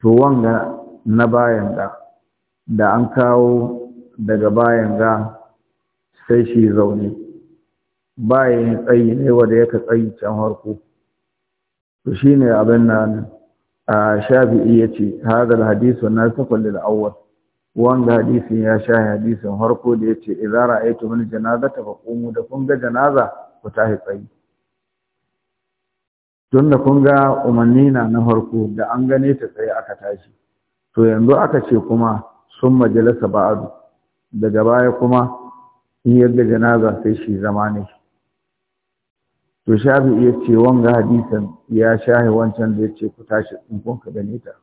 to wanga na bayan da da an kawo daga bayan ga sai shi zaune bayan tsayi ne wanda yaka tsayi can harko to shine abin nan a shafi'i yace hadal hadisu nasikul lil awwal Wanda hadisi ya sha hadisin harko da yace idza ra'aytu min janazata fa qumu da kun ga janaza ku tahi tsayi tun da kun ga umarni na na harko da an gane ta tsaye aka tashi to yanzu aka ce kuma sun majalisa ba'adu daga baya kuma in yadda janaza sai shi zama ne to shafi iya ce wanga hadisan ya shahi wancan da ya ce ku tashi in kun ka gane ta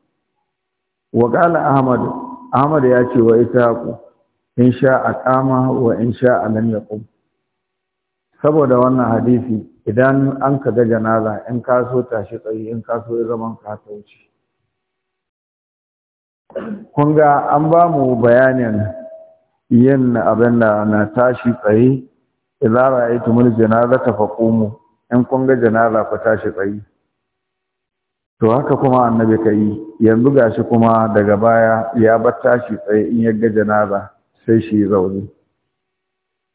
wa ahmad ahmad ya ce wa ku? in sha aqama wa in sha lam yaqum saboda wannan hadisi idan an ka ga janaza in ka so tashi tsayi in ka so zaman ka ta wuce kun ga an ba mu bayanin yin abin na tashi tsaye idza ra'aytumul janazata faqumu in kun ga janaza ku tashi tsaye to haka kuma annabi kai yanzu gashi kuma daga baya ya bar tashi tsaye in ya ga janaza sai shi zaune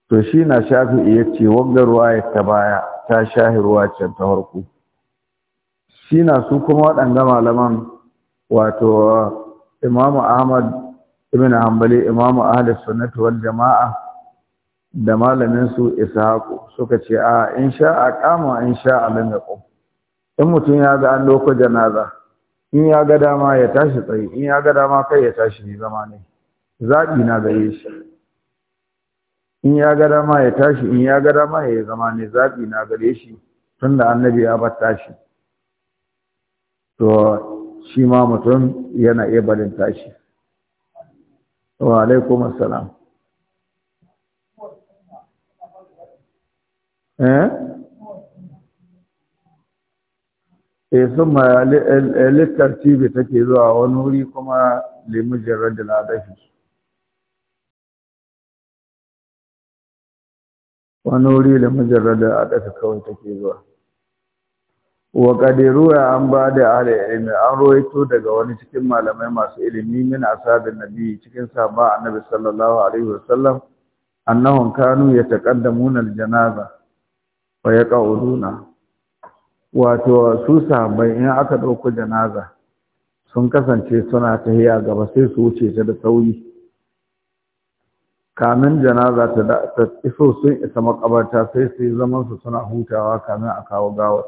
to shi na shafi'i yace wanga ya ta baya ta shahi ruwa can ta farko shi na su kuma waɗanda malaman wato imamu ahmad ibn hanbali imamu ahlus sunnati wal jama'a da malamin su ishaq suka ce a in a kama in Allah ne ko. in mutum ya ga an doko janaza in ya ga dama ya tashi tsaye in ya ga dama kai ya tashi ne zama ne zaɓi na gare shi in ya ga dama ya tashi in ya ga dama ya zama ne zaɓi na gare shi tunda annabi ya bar tashi to shi ma mutum yana iya barin tashi wa alaikum assalam eh eh summa eh, littartibi take zuwa wani wuri kuma limujarrad na dafi wani wuri limujarrad na dafi kawai take zuwa wa ya an ba da ahli ilmi an roito daga wani cikin malamai masu ilimi min asabin nabi cikin sahaba annabi sallallahu alaihi wasallam annahum kanu yataqaddamuna aljanaza wa yaqauduna wato su sahabbai in aka dauko janaza sun kasance suna tahiya gaba sai su wuce ta da sauri kamin janaza ta iso sun isa makabarta sai su zaman su suna hutawa kamin a kawo gawar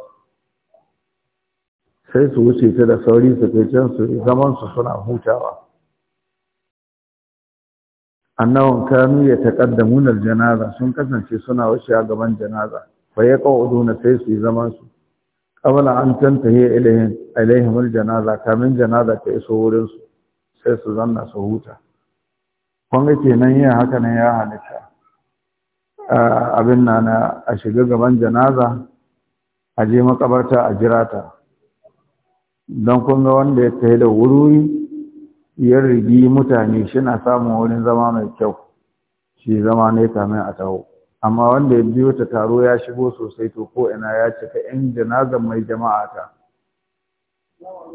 sai su wuce ta da sauri su kai can su zaman su suna hutawa annawan kanu munar janaza sun kasance suna wuce a gaban janaza fa na sai su yi zaman su ƙabala an ya ilayhim ilayhim janaza kamin janaza ta iso wurin su sai su zanna su huta kun ke nan yin haka nan ya halitta abin na na a shiga gaban janaza a je makabarta a jira ta don kun wanda ya tafi da wuri ya rigi mutane shi na samun wurin zama mai kyau shi zama ne kamin a taho amma wanda ya biyo ta taro ya shigo sosai to ko ina ya cika yan janazan mai jama'a ta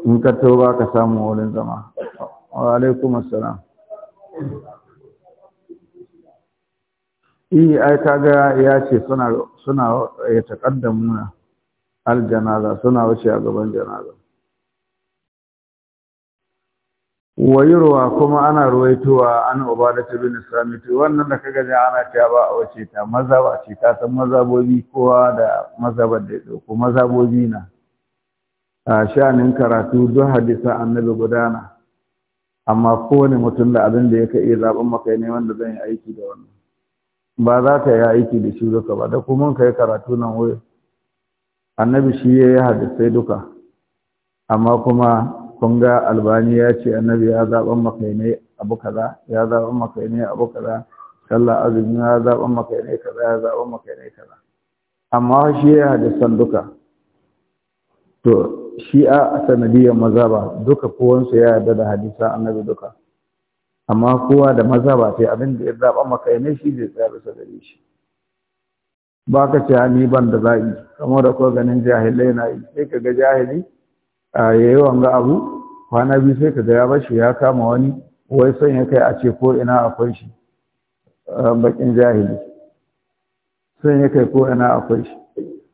in ka taho ba ka samu wurin zama wa alaikum assalam Iyi eh, ai kaga ya ce suna suna ya taƙaddamuna aljanaza suna wuce a gaban janaza wayarwa kuma ana ruwaitowa an ta bin samit wannan da kaga ji ana cewa ba a wace ta maza ba ce ta san mazabobi kowa da mazabar da dauko mazabobi na a shanin karatu duk hadisa annabi gudana amma kowane mutum da abin da yake iya zaben makai ne wanda zan yi aiki da wannan ba za ka yi aiki da shi duka ba da kuma ka yi karatu nan wai? annabi shi ya yi hadisai duka amma kuma kun ga albani ya ce annabi ya zaɓan makainai abu kaza ya zaɓan makainai abu kaza sallah azumi ya zaɓan makainai kaza ya zaɓan makainai kaza amma shi ya hadisan duka to shi a sanadiyar mazaba duka kowansu ya yarda da hadisa annabi duka amma kowa da mazaba sai abin da ya zaɓa makainai shi zai tsaya bisa gare shi ba ka ce ni ban da za'i kamar da ko ganin jahilai na yi sai ka ga jahili a yayi wanga abu kwana biyu sai ka ga ya bashi ya kama wani wai son ya kai a ce ko ina akwai shi bakin jahili son ya kai ko ina akwai shi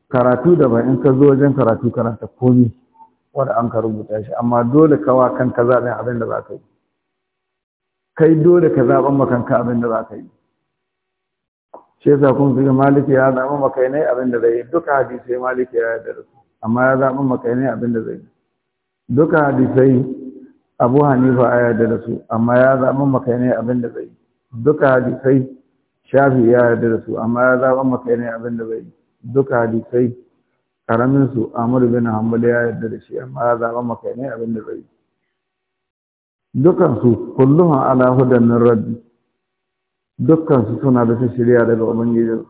karatu daban in ka zo wajen karatu karanta komi wanda an ka rubuta shi amma dole kawa kan ka zaɓen abin da za ka yi kai dole ka zaɓen makanka abin da za ka yi shi yasa kun fi maliki ya zaɓen makainai abin da zai yi duka hadisi maliki ya yarda da su amma ya zaɓen makainai abin da zai yi duka hadisai abu hanifa a yarda da su amma ya zama maka ne abin da zai duka hadisai shafi ya yarda da su amma ya zama maka ne abin da zai duka hadisai karamin su amur bin hanbal ya yarda da shi amma ya zama maka ne abin da zai dukan su kulluhum ala hudan min rabbi dukkan su suna da shirya daga ubangiji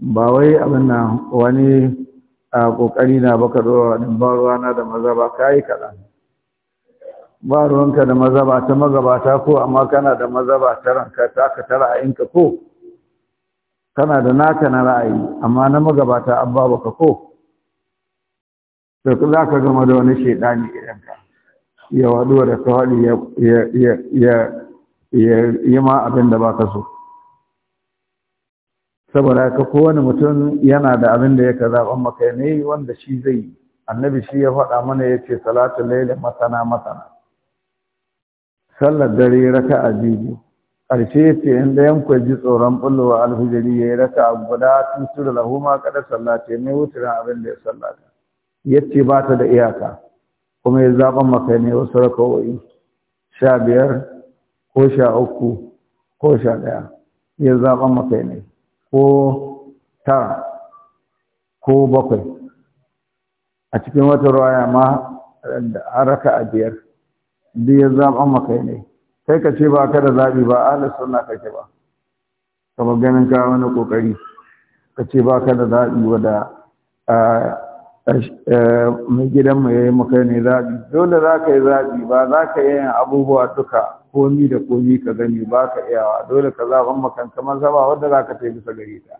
ba wai abin nan wani a ƙoƙari na baka dora din ba ruwana da maza ba ka yi kaɗan ba ruwanka da maza ba ta magabata ko amma kana da maza ba ta ranka ta ka ta ra'ayinka ko kana da naka na ra'ayi amma na magabata abba baka ko to za ka gama da wani shaidani idan ka ya waduwa da kawai ya ya ya yi ma abin da baka so saboda ka kowane mutum yana da abin da yake zaɓen maka ne wanda shi zai yi annabi shi ya faɗa mana ya ce salatu laila masana masana sallar dare raka a jiji ƙarshe ya ce in dayan yanku ji tsoron ɓullowa alhijiri ya yi raka a guda tutur da huma kada sallace ne wuturin abin da ya sallata ya ce ba ta da iyaka kuma ya zaɓen maka ne wasu rakawoyi sha biyar ko sha uku ko sha ɗaya ya zaɓen maka ne ko tara ko bakwai a cikin wata ruwaya ma da raka a biyar duk ya zaɓa maka ne kai ka ce ba ka da zaɓi ba ala suna kake ba kamar ganin ka wani ƙoƙari ka ce ba ka da zaɓi wadda mai gidanmu ya yi maka ne zaɓi dole za ka yi zaɓi ba za ka yi abubuwa duka komi da komi ka gani ba ka iyawa dole ka zaɓan makanta mazhaba wadda za ka tafi gari ta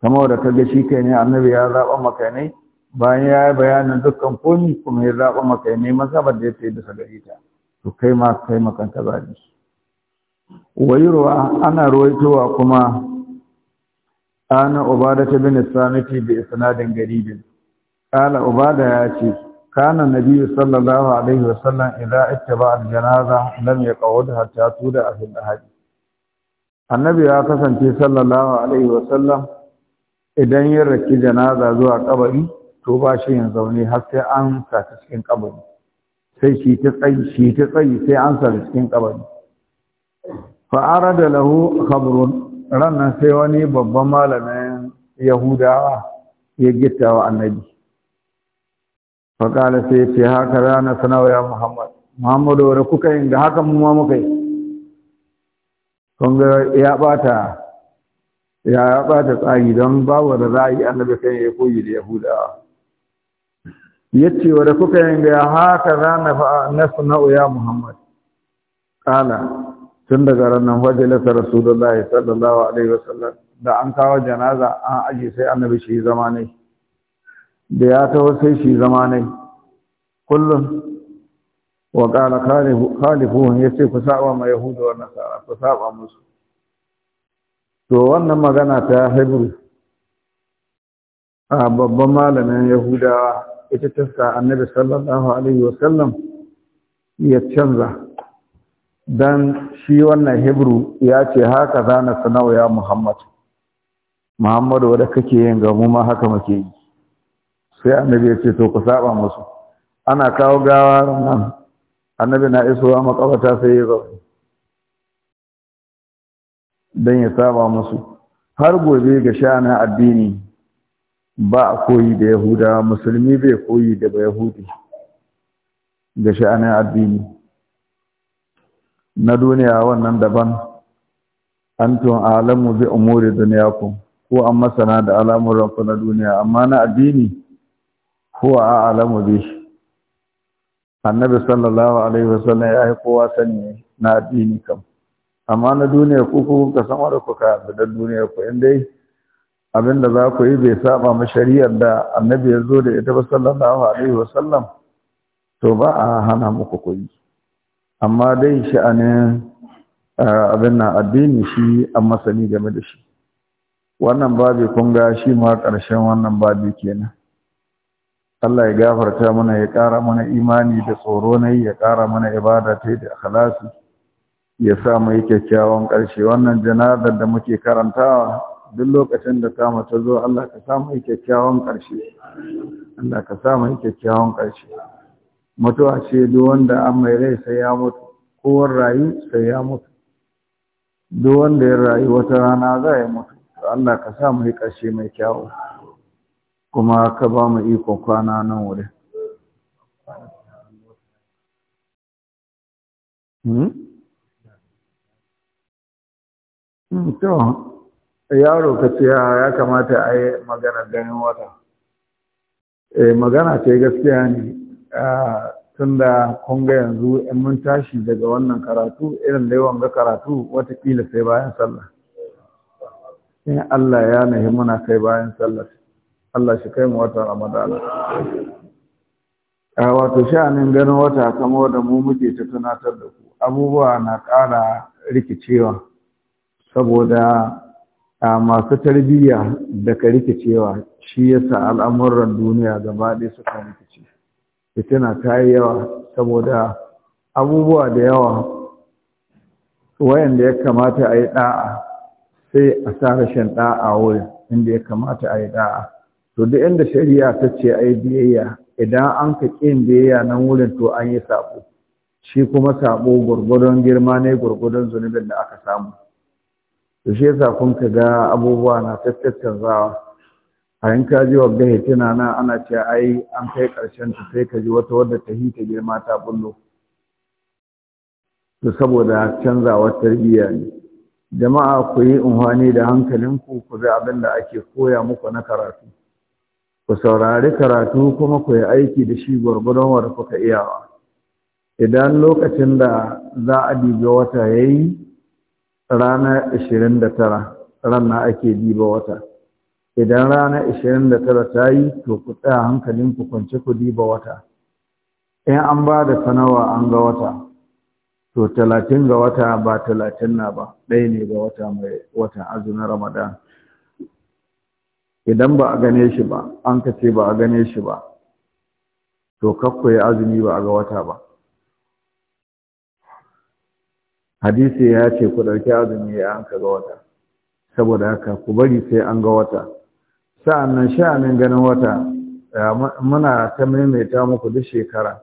kamar da ka ga shi kai ne annabi ya zaɓa makanai bayan ya yi bayanin dukkan komi kuma ya zaɓa makanai mazhabar da ya tafi bisa gare ta to kai ma kai makanta ba ne ruwa ana ruwaitowa kuma ana ubada ta bin samiti bi isnadin garibin qala ubada ya ce كان النبي صلى الله عليه وسلم إذا اتبع الجنازة لم يقعد حتى تودع في النبي يا كسنتي صلى الله عليه وسلم idan ya raki janaza zuwa kabari to ba shi yin zaune har sai an sa ta cikin kabari sai shi ta tsayi shi ta tsayi sai an sa ta cikin kabari fa arada lahu khabrun sai wani babban malamin yahudawa ya wa annabi فقال sai ce haka rana sanawa محمد muhammadu wadda kuka yin da muka yi kun ya bata ya bata tsari don da za a yi annabi kan ya koyi da yahudawa ya ce wadda kuka tun daga ranar fajalasa rasulullahi sallallahu alaihi wasallam da an kawo janaza an aji sai annabi shi zama ne da ya taho sai shi zama ne kullum wa ƙala khalifuhun ya ce ku saba ma yahudu wa nasara ku saba musu to wannan magana ta hebrew a babban malamin yahudawa ita tasta annabi sallallahu alaihi wa sallam ya canza dan shi wannan hebrew ya ce haka zana sanau ya muhammad muhammadu wadda kake yin gamu ma haka muke yi sai annabi ya ce to ku saba musu ana kawo gawa nan annabi na isowa makabata sai ya zaune don ya saba musu har gobe ga sha'anin addini ba a koyi da yahuda musulmi bai koyi da ba yahudi ga sha'anin addini na duniya wannan daban an tun alamu bi umuri duniyakum ko an masana da alamun al'amuranku na duniya amma na addini huwa a'lamu bi annabi sallallahu alaihi wasallam ya yi kowa sani na addini kam amma na duniya ku ku ka san wanda kuka da duniya ku in dai abinda za ku yi bai saba ma shari'ar da annabi ya zo da ita ba sallallahu alaihi wasallam to ba a hana muku yi amma dai sha'anin eh, abin na addini shi an masani game da shi wannan babi kun ga shi ma ƙarshen wannan babi kenan Allah ya gafarta mana ya ƙara mana imani da tsoro na yi ya ƙara mana ibada ta da akhlasi ya sa mu yi kyakkyawan ƙarshe wannan janazar da muke karantawa duk lokacin da ta mace zo Allah ka sa mu yi kyakkyawan ƙarshe Allah ka sa mu yi kyakkyawan ƙarshe mutuwa ce duk wanda an mai rai sai ya mutu kowar rayu sai ya mutu duk wanda ya rayu wata rana za ya mutu Allah ka sa mu yi ƙarshe mai kyawu kuma ka ba mu iko kwana nan hmm? hmm? to yaro ka ce ah, ya kamata a yi magana ganin wata eh, magana ce gaskiya ne ah, tun da ga yanzu in mun tashi daga wannan karatu irin da yawan ga karatu watakila sai bayan sallah in Allah ya nahi muna kai bayan sallah Allah shi kai mu wata Ramadan. a ah, wato sha'anin ganin wata kamar da mu muke ta tunatar da ku abubuwa na ƙara rikicewa saboda a ah, masu tarbiyya daga rikicewa shi yasa al'amuran duniya gaba ɗaya suka rikice fitina ta yi yawa saboda abubuwa da yawa wayanda ya kamata a yi ɗa'a sai a sa rashin ɗa'a wurin inda ya kamata a yi ɗa'a to duk inda shari'a ta ce ai biyayya idan an ka kin biyayya nan wurin to an yi sabo shi kuma sabo gurgudun girma ne gurgudun zunubin da aka samu to shi yasa kun ka ga abubuwa na tattattanzawa a yin ka ji wagga hitina na ana ce ai an kai karshen ta sai ka ji wata wadda ta hita girma ta bullo to saboda canzawar tarbiyya ne jama'a ku yi unhwani da hankalinku ku bi abin da ake koya muku na karatu ku saurari karatu kuma ku yi aiki da shi gwargwadon wadda kuka iyawa idan lokacin da za a diba wata ya yi ranar 29 ranna ake diba wata idan ranar 29 ta yi to ku tsaya hankalin ku kwance ku diba wata in an ba da sanawa an ga wata to 30 ga wata ba 30 na ba ɗaya ne ga wata mai wata azumin ramadan idan ba a gane shi ba an ka ce ba a gane shi ba to kakko ya azumi ba a ga wata ba hadisi ya ce ku ɗauki azumi ya an ka ga wata saboda haka ku bari sai an ga wata sa'annan sha'anin ganin wata muna ta maimaita muku duk shekara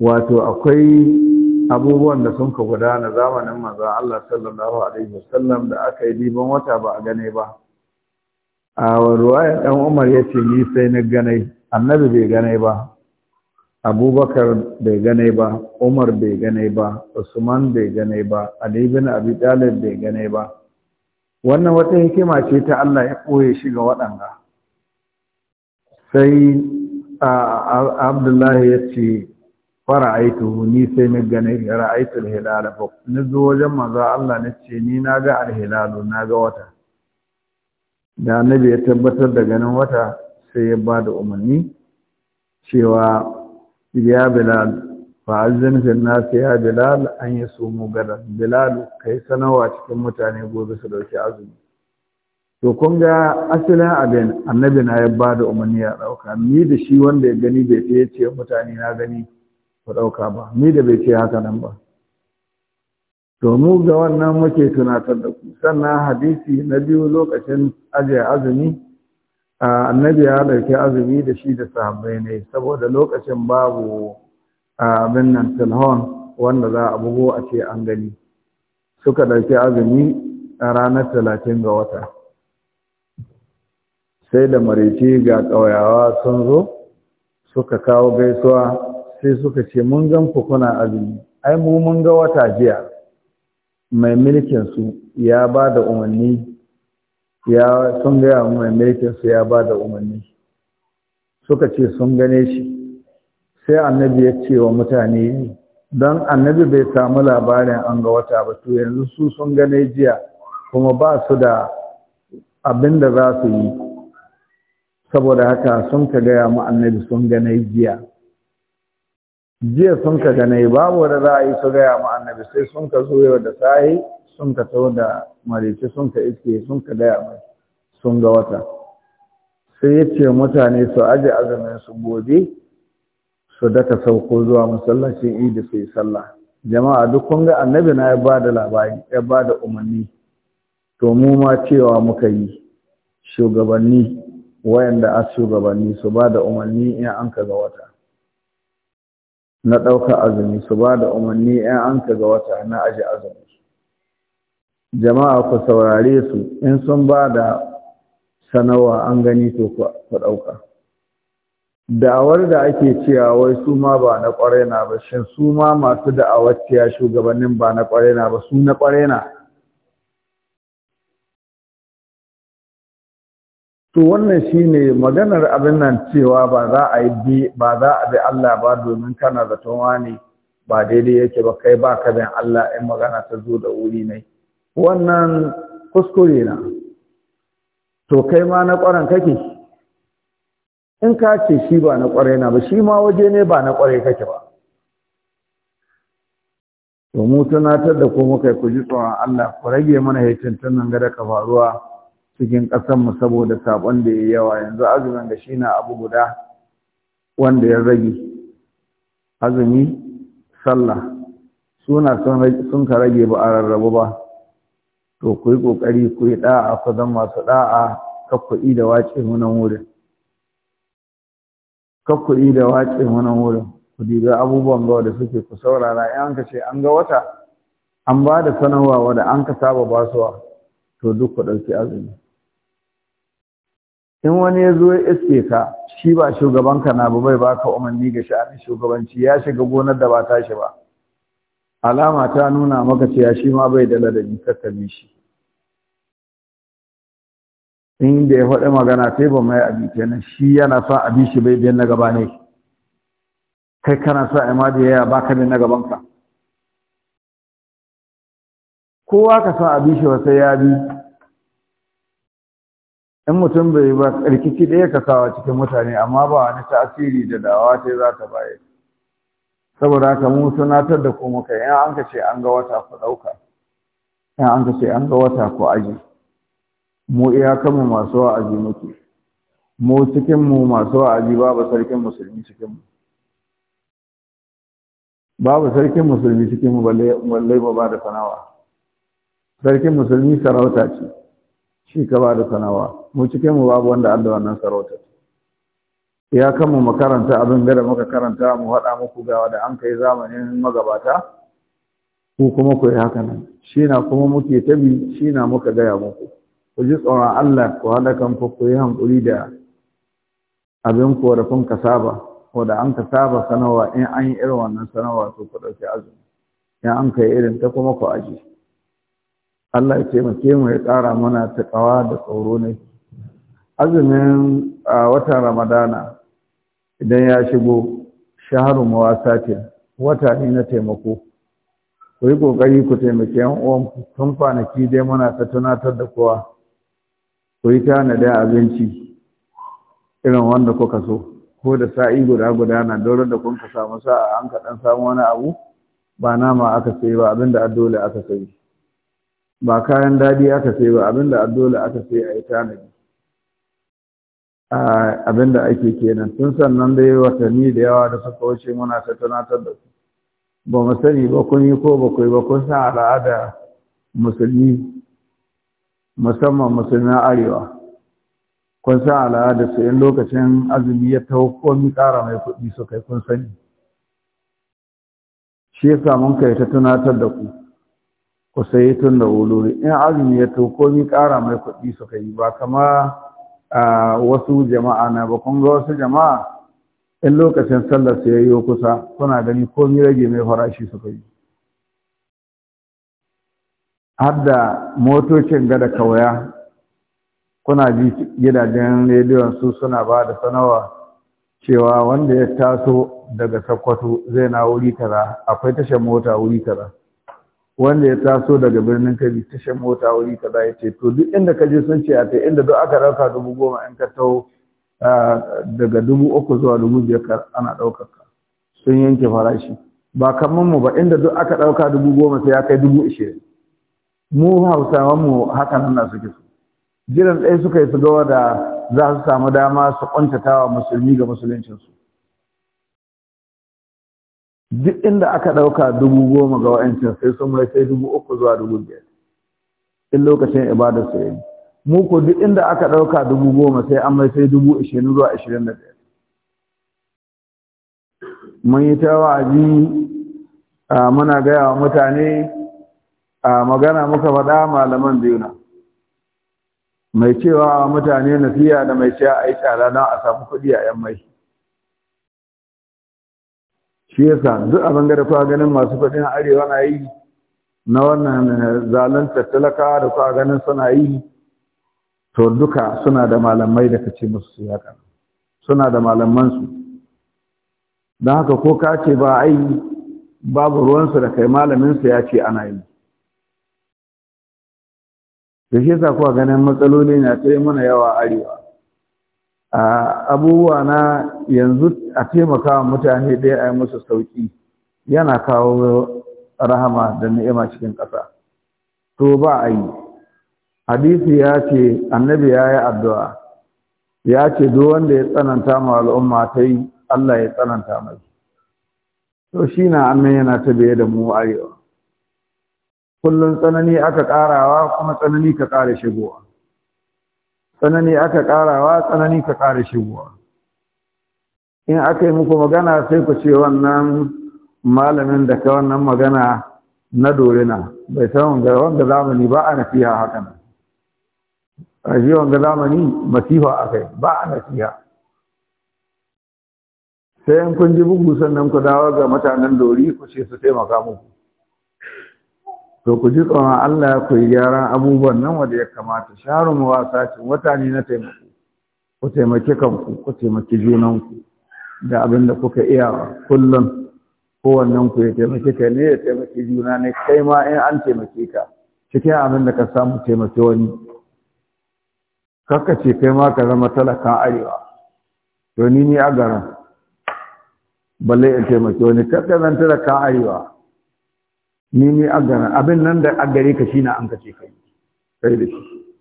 wato akwai abubuwan da sun ka gudana zamanin maza Allah sallallahu alaihi wasallam da aka yi diban wata ba a gane ba a ruwayar ɗan umar ya ce ni sai na ganai annabi bai ganai ba abubakar bai ganai ba umar bai ganai ba usman bai ganai ba alibin bin abi talib bai ganai ba wannan wata hikima ce ta Allah ya ɓoye shi ga waɗanga sai abdullahi ya ce fara'aitu ni sai na ganai ra'aitu hilal fa ni zo wajen maza Allah ce ni na ga alhilalu na ga wata da annabi ya tabbatar da ganin wata sai ya ba da umarni cewa ya bilal fa'azin finnasi ya bilal an yi mu gadon bilal kai sanawa cikin mutane gobe su dauki azumi to kun ga asalin abin annabi na ya ba da umarni ya dauka. ni da shi wanda ya gani bai ce mutane na gani ku dauka ba ni da bai ce haka nan ba to mu ga wannan muke tunatar da ku sannan hadisi na biyu lokacin ajiye azumi annabi ya ɗauki azumi da shi da sahabbai ne saboda lokacin babu abin nan telhon wanda za a bugo a ce an gani suka ɗauki azumi a ranar talatin ga wata sai da marici ga ƙauyawa sun zo suka kawo gaisuwa sai suka ce mun gan ku kuna azumi ai mu mun ga wata jiya mai mulkin su ya ba da umarni ya sun gaya mai mulkin su ya ba da umarni suka ce sun gane shi sai annabi ya ce wa mutane don annabi bai samu labarin an ga wata ba to yanzu su sun gane jiya kuma ba su da abin da za su yi saboda haka sun ka gaya mu annabi sun gane jiya jiya sun ka ganai babu da za a yi su gaya ma annabi sai sun ka zo yau da sahi sun ka tau da marice sun ka iske sun ka gaya mai sun ga wata sai ya ce mutane su ajiye azumin su gobe su daka sauko zuwa masallacin idi su yi sallah jama'a duk kun ga annabi na ya ba da labari ya ba da umarni to mu ma cewa muka yi shugabanni wayanda a shugabanni su ba da umarni in an ka ga wata na ɗaukar azumi su ba da umarni ‘yan an ka ga wata na aji azumi jama'a ku saurare su in sun ba da sanawa an gani to ku ɗauka da'awar da ake cewa wai su ma ba na ƙwarena ba shin su ma masu da'awar cewa shugabannin ba na ƙwarena ba su na ƙwarena to wannan ne maganar abin nan cewa ba za a yi ba za a bi Allah ba domin kana zaton wani ba daidai yake ba kai ba ka bin Allah in magana ta zo da wuri ne wannan kuskure na to kai ma na ƙwaron kake in ka ce shi ba na ƙwarai na ba shi ma waje ne ba na ƙwarai kake ba to mu tunatar da ku muka ku ji tsoron Allah ku rage mana hicin tunan gada ka faruwa cikin ƙasanmu saboda saƙon da ya yawa yanzu azumin da shi na abu guda wanda ya rage azumi sallah suna sun ka rage ba a rarrabu ba to ku yi ƙoƙari ku yi ɗa'a ku zan masu ɗa'a kakkuɗi da wace munan wurin kakkuɗi da wace munan wurin ku dubi abubuwan gawa da suke ku saurara in an ka ce an ga wata an ba da sanarwa wadda an ka saba basuwa to duk ku ɗauki azumi in wani ya zo ya iske ka shi ba shugabanka na ba bai baka umarni ga sha'anin shugabanci ya shiga gonar da ba ta shi ba alama ta nuna maka cewa shi ma bai da ladabi kakkabi shi in da ya faɗi magana sai ba mai abi kenan shi yana son abi shi bai biyan na gaba ne kai kana sa ima da yaya baka ne na gabanka kowa ka sa abi shi sai ya bi in mutum bai ba rikici ɗaya ka sawa cikin mutane amma ba wani tasiri da dawa ce za ta bayar saboda haka mu sunatar da ku muka in an ka ce an ga wata ku ɗauka Yan an ka ce an ga wata ku aji mu iyakanmu masu wa'azi muke mu cikinmu masu wa'azi babu sarkin musulmi cikinmu babu sarkin musulmi cikinmu balle ba da sanawa sarkin musulmi sarauta ce shi ka ba da sanawa mu cikin mu babu wanda Allah wannan sarauta ya kanmu mu karanta abin da muka karanta mu haɗa muku ga da an kai zamanin magabata ku kuma ku yi haka nan shi na kuma muke tabi shi na muka gaya muku ku ji tsoron Allah ku haɗa kanku ku yi hankuri da abin ku kun kasaba ko da an kasaba sanawa in an yi irin wannan sanawa to ku ɗauki azumi in an kai irin ta kuma ku ajiye Allah ya taimake mu ya tsara mana taƙawa da tsoro ne azumin a watan ramadana idan ya shigo shaharu mawasatin wata ne na taimako ku yi ƙoƙari ku taimake yan uwan tun kwanaki dai muna ta tunatar da kowa ku yi daya abinci irin wanda kuka so ko da sa'i guda guda na dole da kun ka samu sa'a an ka ɗan samu wani abu ba nama aka sayi ba abinda a dole aka sayi ba kayan daɗi aka sai ba abinda addola aka sai a yi tanadi abinda ake kenan tun sannan da yi watanni da yawa da suka wuce muna ta tunatar da su ba mu sani ba kun yi ko ba ku yi ba kun san al'ada musulmi musamman musulmin arewa kun san al'ada su in lokacin azumi ya taho mi ƙara mai kuɗi su kai kun sani shi yasa mun kai ta tunatar da ku ku tun da wuluri in azumi ya to komi kara mai kuɗi suka yi ba kama wasu jama'a na ba kun ga wasu jama'a in lokacin sallar su yayyo kusa kuna gani komi rage mai farashi suka yi har da motocin gada kawaya kuna ji gidajen rediyon su suna ba da sanawa cewa wanda ya taso daga sakkwato zai na wuri kaza akwai tashar mota wuri kaza wanda ya taso daga birnin kabi tashar mota wuri kaza ya ce to duk inda ka je sun ce a ta inda duk aka ɗauka dubu goma in ka tau daga dubu uku zuwa dubu biyar ana ɗaukar ka sun yanke farashi ba kamar mu ba inda duk aka ɗauka dubu goma sai ya kai dubu ishirin mu hausawan mu haka nan na suke su jiran ɗaya suka yi su gawa da za su samu dama su kwantatawa musulmi ga musuluncinsu duk inda aka ɗauka dubu goma ga wa'ancin sai sun mai sai dubu uku zuwa dubu biyar in lokacin ibadar su yi mu ko duk inda aka ɗauka dubu goma sai an mai sai dubu ashirin zuwa ashirin da biyar mun yi ta wa'azi muna gaya wa mutane magana muka faɗa malaman biyu na mai cewa mutane nasiya da mai cewa a yi tsada, don a samu kuɗi a yan mai shi yasa duk abin da kuwa ganin masu faɗin arewa na yi na wannan zalunta tattalaka da kuwa ganin suna yi to duka suna da malamai da kace musu su yaka suna da malamansu don haka ko ka ce ba ai babu ruwansu da kai malaminsu ya ce ana yi da shi yasa kuwa ganin matsaloli na ta mana yawa arewa abubuwa na yanzu a taimaka wa mutane ɗaya a yi musu sauƙi yana kawo rahama da ni'ima cikin ƙasa to ba a yi hadisi ya ce annabi ya yi addu'a ya ce duk wanda ya tsananta ma al'umma ta yi Allah ya tsananta mai to shi na annan yana ta biye da mu arewa kullum tsanani aka ƙarawa kuma tsanani ka ƙara shigowa tsanani aka karawa tsanani ka ƙara shigowa in aka yi muku magana sai ku ce wannan malamin da ka wannan magana na dorina bai san wanga zamani ba a nasiha hakan a ji wanda zamani masifa a kai ba a nasiha sai in kun ji bugu sannan ku dawo ga mutanen dori ku ce su taimaka muku to ku ji tsoron Allah ku yi gyaran abubuwan nan wanda ya kamata sharu mu wasa ce wata ne na taimako ku taimaki kanku ku taimaki junanku da abin da kuka iya kullum kowannen ku ya taimaki ka ne ya taimaki juna ne kai ma in an taimake ka cikin abin da ka samu taimaki wani kakka ce kai ma ka zama talakan arewa to ni ni a garan balle in taimaki wani kakka zan talakan arewa ni ne abin nan da agare ka shi na an kace kai kai da shi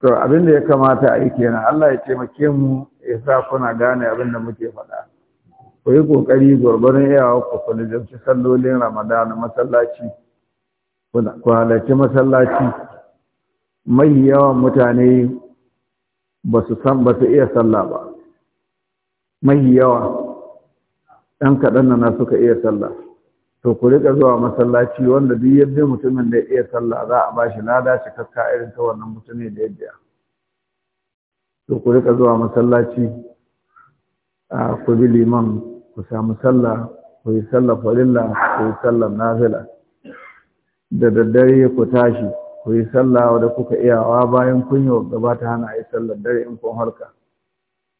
to abin da ya kamata a yi kenan Allah ya taimake mu ya sa kuna gane abin da muke faɗa ku yi ƙoƙari gwargwaron yawa ku kulijinci sallolin ramadana masallaci ku halarci masallaci mai yawan mutane ba su san ba su iya sallah ba mai yawa ɗan kaɗan na suka iya sallah to ku rika zuwa masallaci wanda duk yadda mutumin da ya iya sallah za a bashi lada cikakka irin ta wannan mutumi da yadda to ku rika zuwa masallaci a ku bi liman ku samu sallah ku yi sallah farilla ku yi sallah nafila da daddare ku tashi ku yi sallah wadda kuka iyawa bayan kun yi gaba ta hana a yi sallar dare in kun harka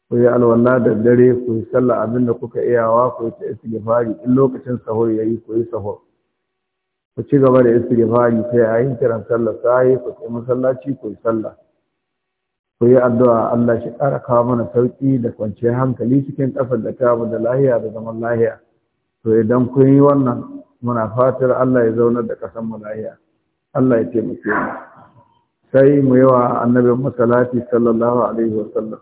ku yi alwala da dare ku yi sallah abin da kuka iyawa ku yi ta istighfari in lokacin sahur yayi ku yi sahur ku ci gaba da istighfari sai yayin kiran sallah sai ku yi masallaci ku yi sallah ku yi addu'a Allah shi ƙara kawo mana sauƙi da kwanciyar hankali cikin ƙasar da tabu da lahiya da zaman lahiya to idan kun yi wannan muna fatar Allah ya zaunar da ƙasar mu lahiya Allah ya taimake mu sai mu yi wa annabin masalati sallallahu alaihi wasallam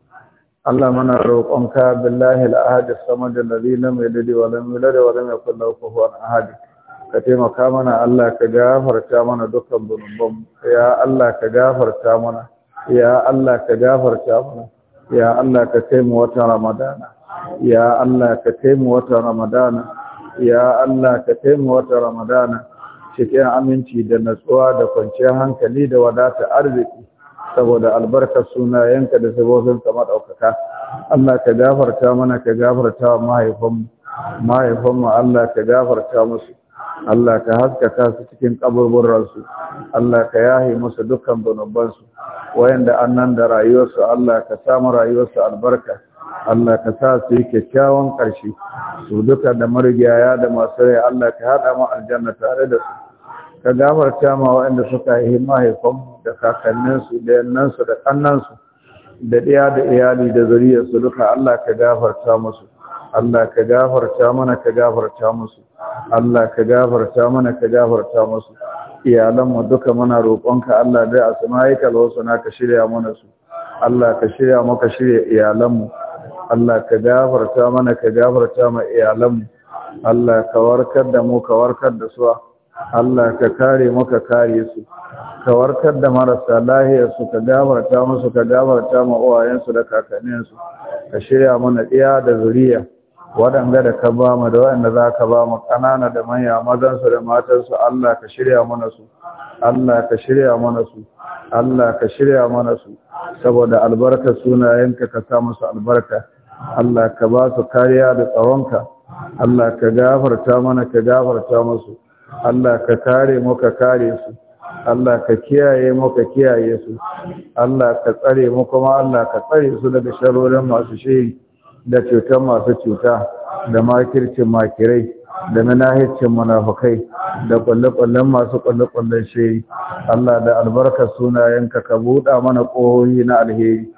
Allah muna roƙonka billahi al-ahad as-samad alladhi lam yalid wa lam yulad wa lam yakul lahu kufuwan ahad ka taimaka mana Allah ka gafarta mana dukkan zunuban ya Allah ka gafarta mana ya Allah ka gafarta mana ya Allah ka kai mu watan Ramadana ya Allah ka kai mu watan Ramadana ya Allah ka kai mu watan Ramadana cikin aminci da natsuwa da kwanciyar hankali da wadata arziki saboda albarkar sunayenka da sabobin maɗaukaka, Allah ka gafarta mana ka gafarta mahaifanmu mahaifanmu Allah ka gafarta musu Allah ka haskaka su cikin kaburburansu Allah ka yahi musu dukkan zunubansu wayanda annan da rayuwarsu Allah ka samu rayuwarsu albarka Allah ka sa su yi kyakkyawan ƙarshe su duka da marigaya da masu rai Allah ka haɗa mu aljanna tare da su ka gafarta ma waɗanda suka yi mahaifan da kakanninsu da yannansu da kannansu da ɗaya da iyali da zuriyarsu duka Allah ka gafarta musu Allah ka gafarta mana ka gafarta musu Allah ka gafarta mana ka gafarta musu iyalanmu duka muna roƙonka Allah da lawsu na ka shirya mana su Allah ka shirya mu ka shirya iyalanmu Allah ka gafarta mana ka gafarta ma iyalanmu Allah ka warkar da mu ka warkar da su Allah ka kare maka kare su ka warkar da marasa lahiya su ka gabata musu ka gabata ma uwayensu da kakanninsu ka shirya mana iya da zuriya waɗanda da ka ba mu da waɗanda za ka ba mu ƙanana da manya mazan su da su, Allah ka shirya mana su Allah ka shirya mana su Allah ka shirya mana su saboda albarka sunayenka ka sa musu albarka Allah ka ba su kariya da tsaronka Allah ka gafarta mana ka gafarta musu Allah ka kare mu ka kare su Allah ka kiyaye mu ka kiyaye su Allah ka tsare mu kuma Allah ka tsare su daga sharorin masu shiri da cutar masu cuta da makircin makirai da manahicin munafukai da kwalle-kwallen masu kwalle-kwallen shiri Allah da albarkar sunayenka ka buɗa mana ƙohohi na alheri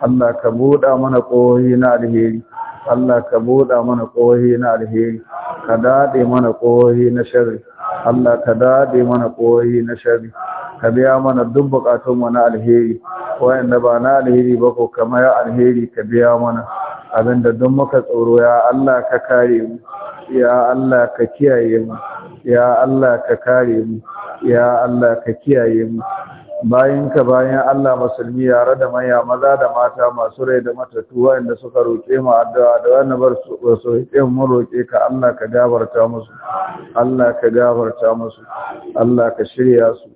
Allah ka buɗa mana ƙohohi na alheri Allah ka buɗa mana ƙohi na alheri ka daɗe mana ƙohi na shari Allah ka daɗe mana ƙohi na shari ka biya mana duk buƙatunmu na alheri wayanda ba na alheri ba ko kama ya alheri ka biya mana abinda duk muka tsoro ya Allah ka kare mu ya Allah ka kiyaye mu ya Allah ka kare mu ya Allah ka kiyaye mu ka bayan Allah musulmi yare da maya maza da mata masu rai da matattu wayanda suka roƙe mu addu'a da wanda bar su roƙe mu roƙe ka Allah ka gabarta musu Allah ka gabarta musu Allah ka shirya su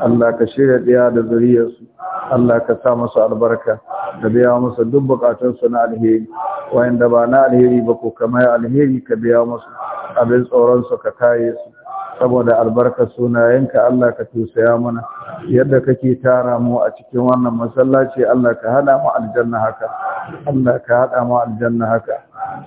Allah ka shirya ɗaya da su. Allah ka sa musu albarka, da biya musu duk su na alheri, wayanda ba na alheri ba ko kamar alheri ka biya musu, abin tsoron su ka kaye su, saboda albarka sunayenka Allah ka tusaya mana yadda kake tara mu a cikin wannan masallaci Allah ka hada mu aljanna haka Allah ka hada mu aljanna haka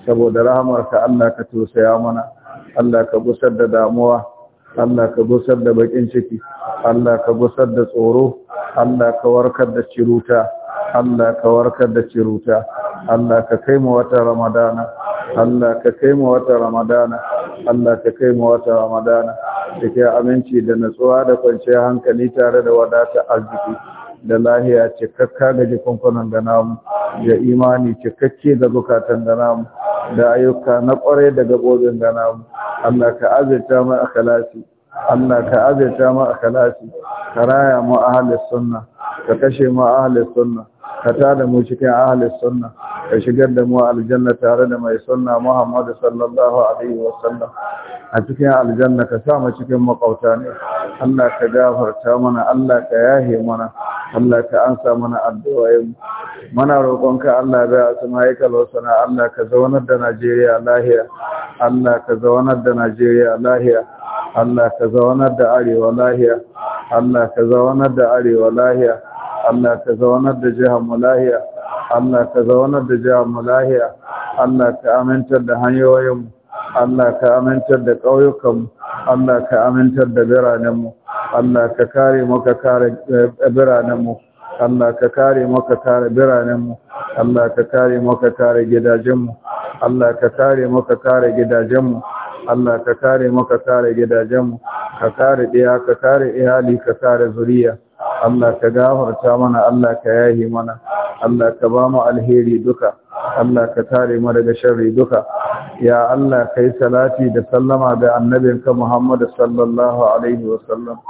saboda ka Allah ka tusaya mana Allah ka gusar da damuwa Allah ka gusar da bakin ciki Allah ka gusar da tsoro Allah ka warkar da ciruta Allah ka warkar da ciruta Allah ka kai mu wata ramadana Allah ka kai mu wata ramadana Allah ka kai mu wata ramadana cikin aminci da nutsuwa da kwanciyar hankali tare da wadata arziki da lahiya cikakka ga jikunkunan da namu da imani cikakke ga bukatan da namu da ayyuka na kwarai da gabobin da namu Allah ka azirta mu akhlasi Allah ka azirta mu akhlasi ka raya mu ahli sunna ka kashe mu ahli sunna kata da mu cikin ahli sunna ka shigar da mu aljanna tare da mai sunna Muhammadu sallallahu alaihi wa sallam a cikin aljanna ka sa mu cikin makauta ne Allah ka gafarta mana Allah ka yahe mana Allah ka ansa mana addu'o'in mana ka Allah da asma'ika wa sana Allah ka zaunar da Najeriya lahiya Allah ka zaunar da Najeriya lahiya Allah ka zaunar da Arewa lahiya Allah ka zaunar da Arewa lahiya Allah ka zaunar da jihar mulahiya Allah ka zaunar da jihar mu Allah ka amintar da hanyoyin Allah ka amintar da ƙauyukan Allah ka amintar da biranen mu Allah ka kare mu ka kare biranen mu Allah ka kare mu ka kare biranenmu Allah ka kare mu ka kare gidajenmu Allah ka kare mu ka kare gidajenmu Allah ka kare mu ka kare gidajenmu ka kare ɗaya ka kare iyali ka kare zuriya Allah ka gafarta mana Allah ka yahi mana Allah ka ba mu alheri duka Allah ka tare mu daga sharri duka ya Allah kai salati da sallama ga annabinka Muhammad sallallahu alaihi wasallam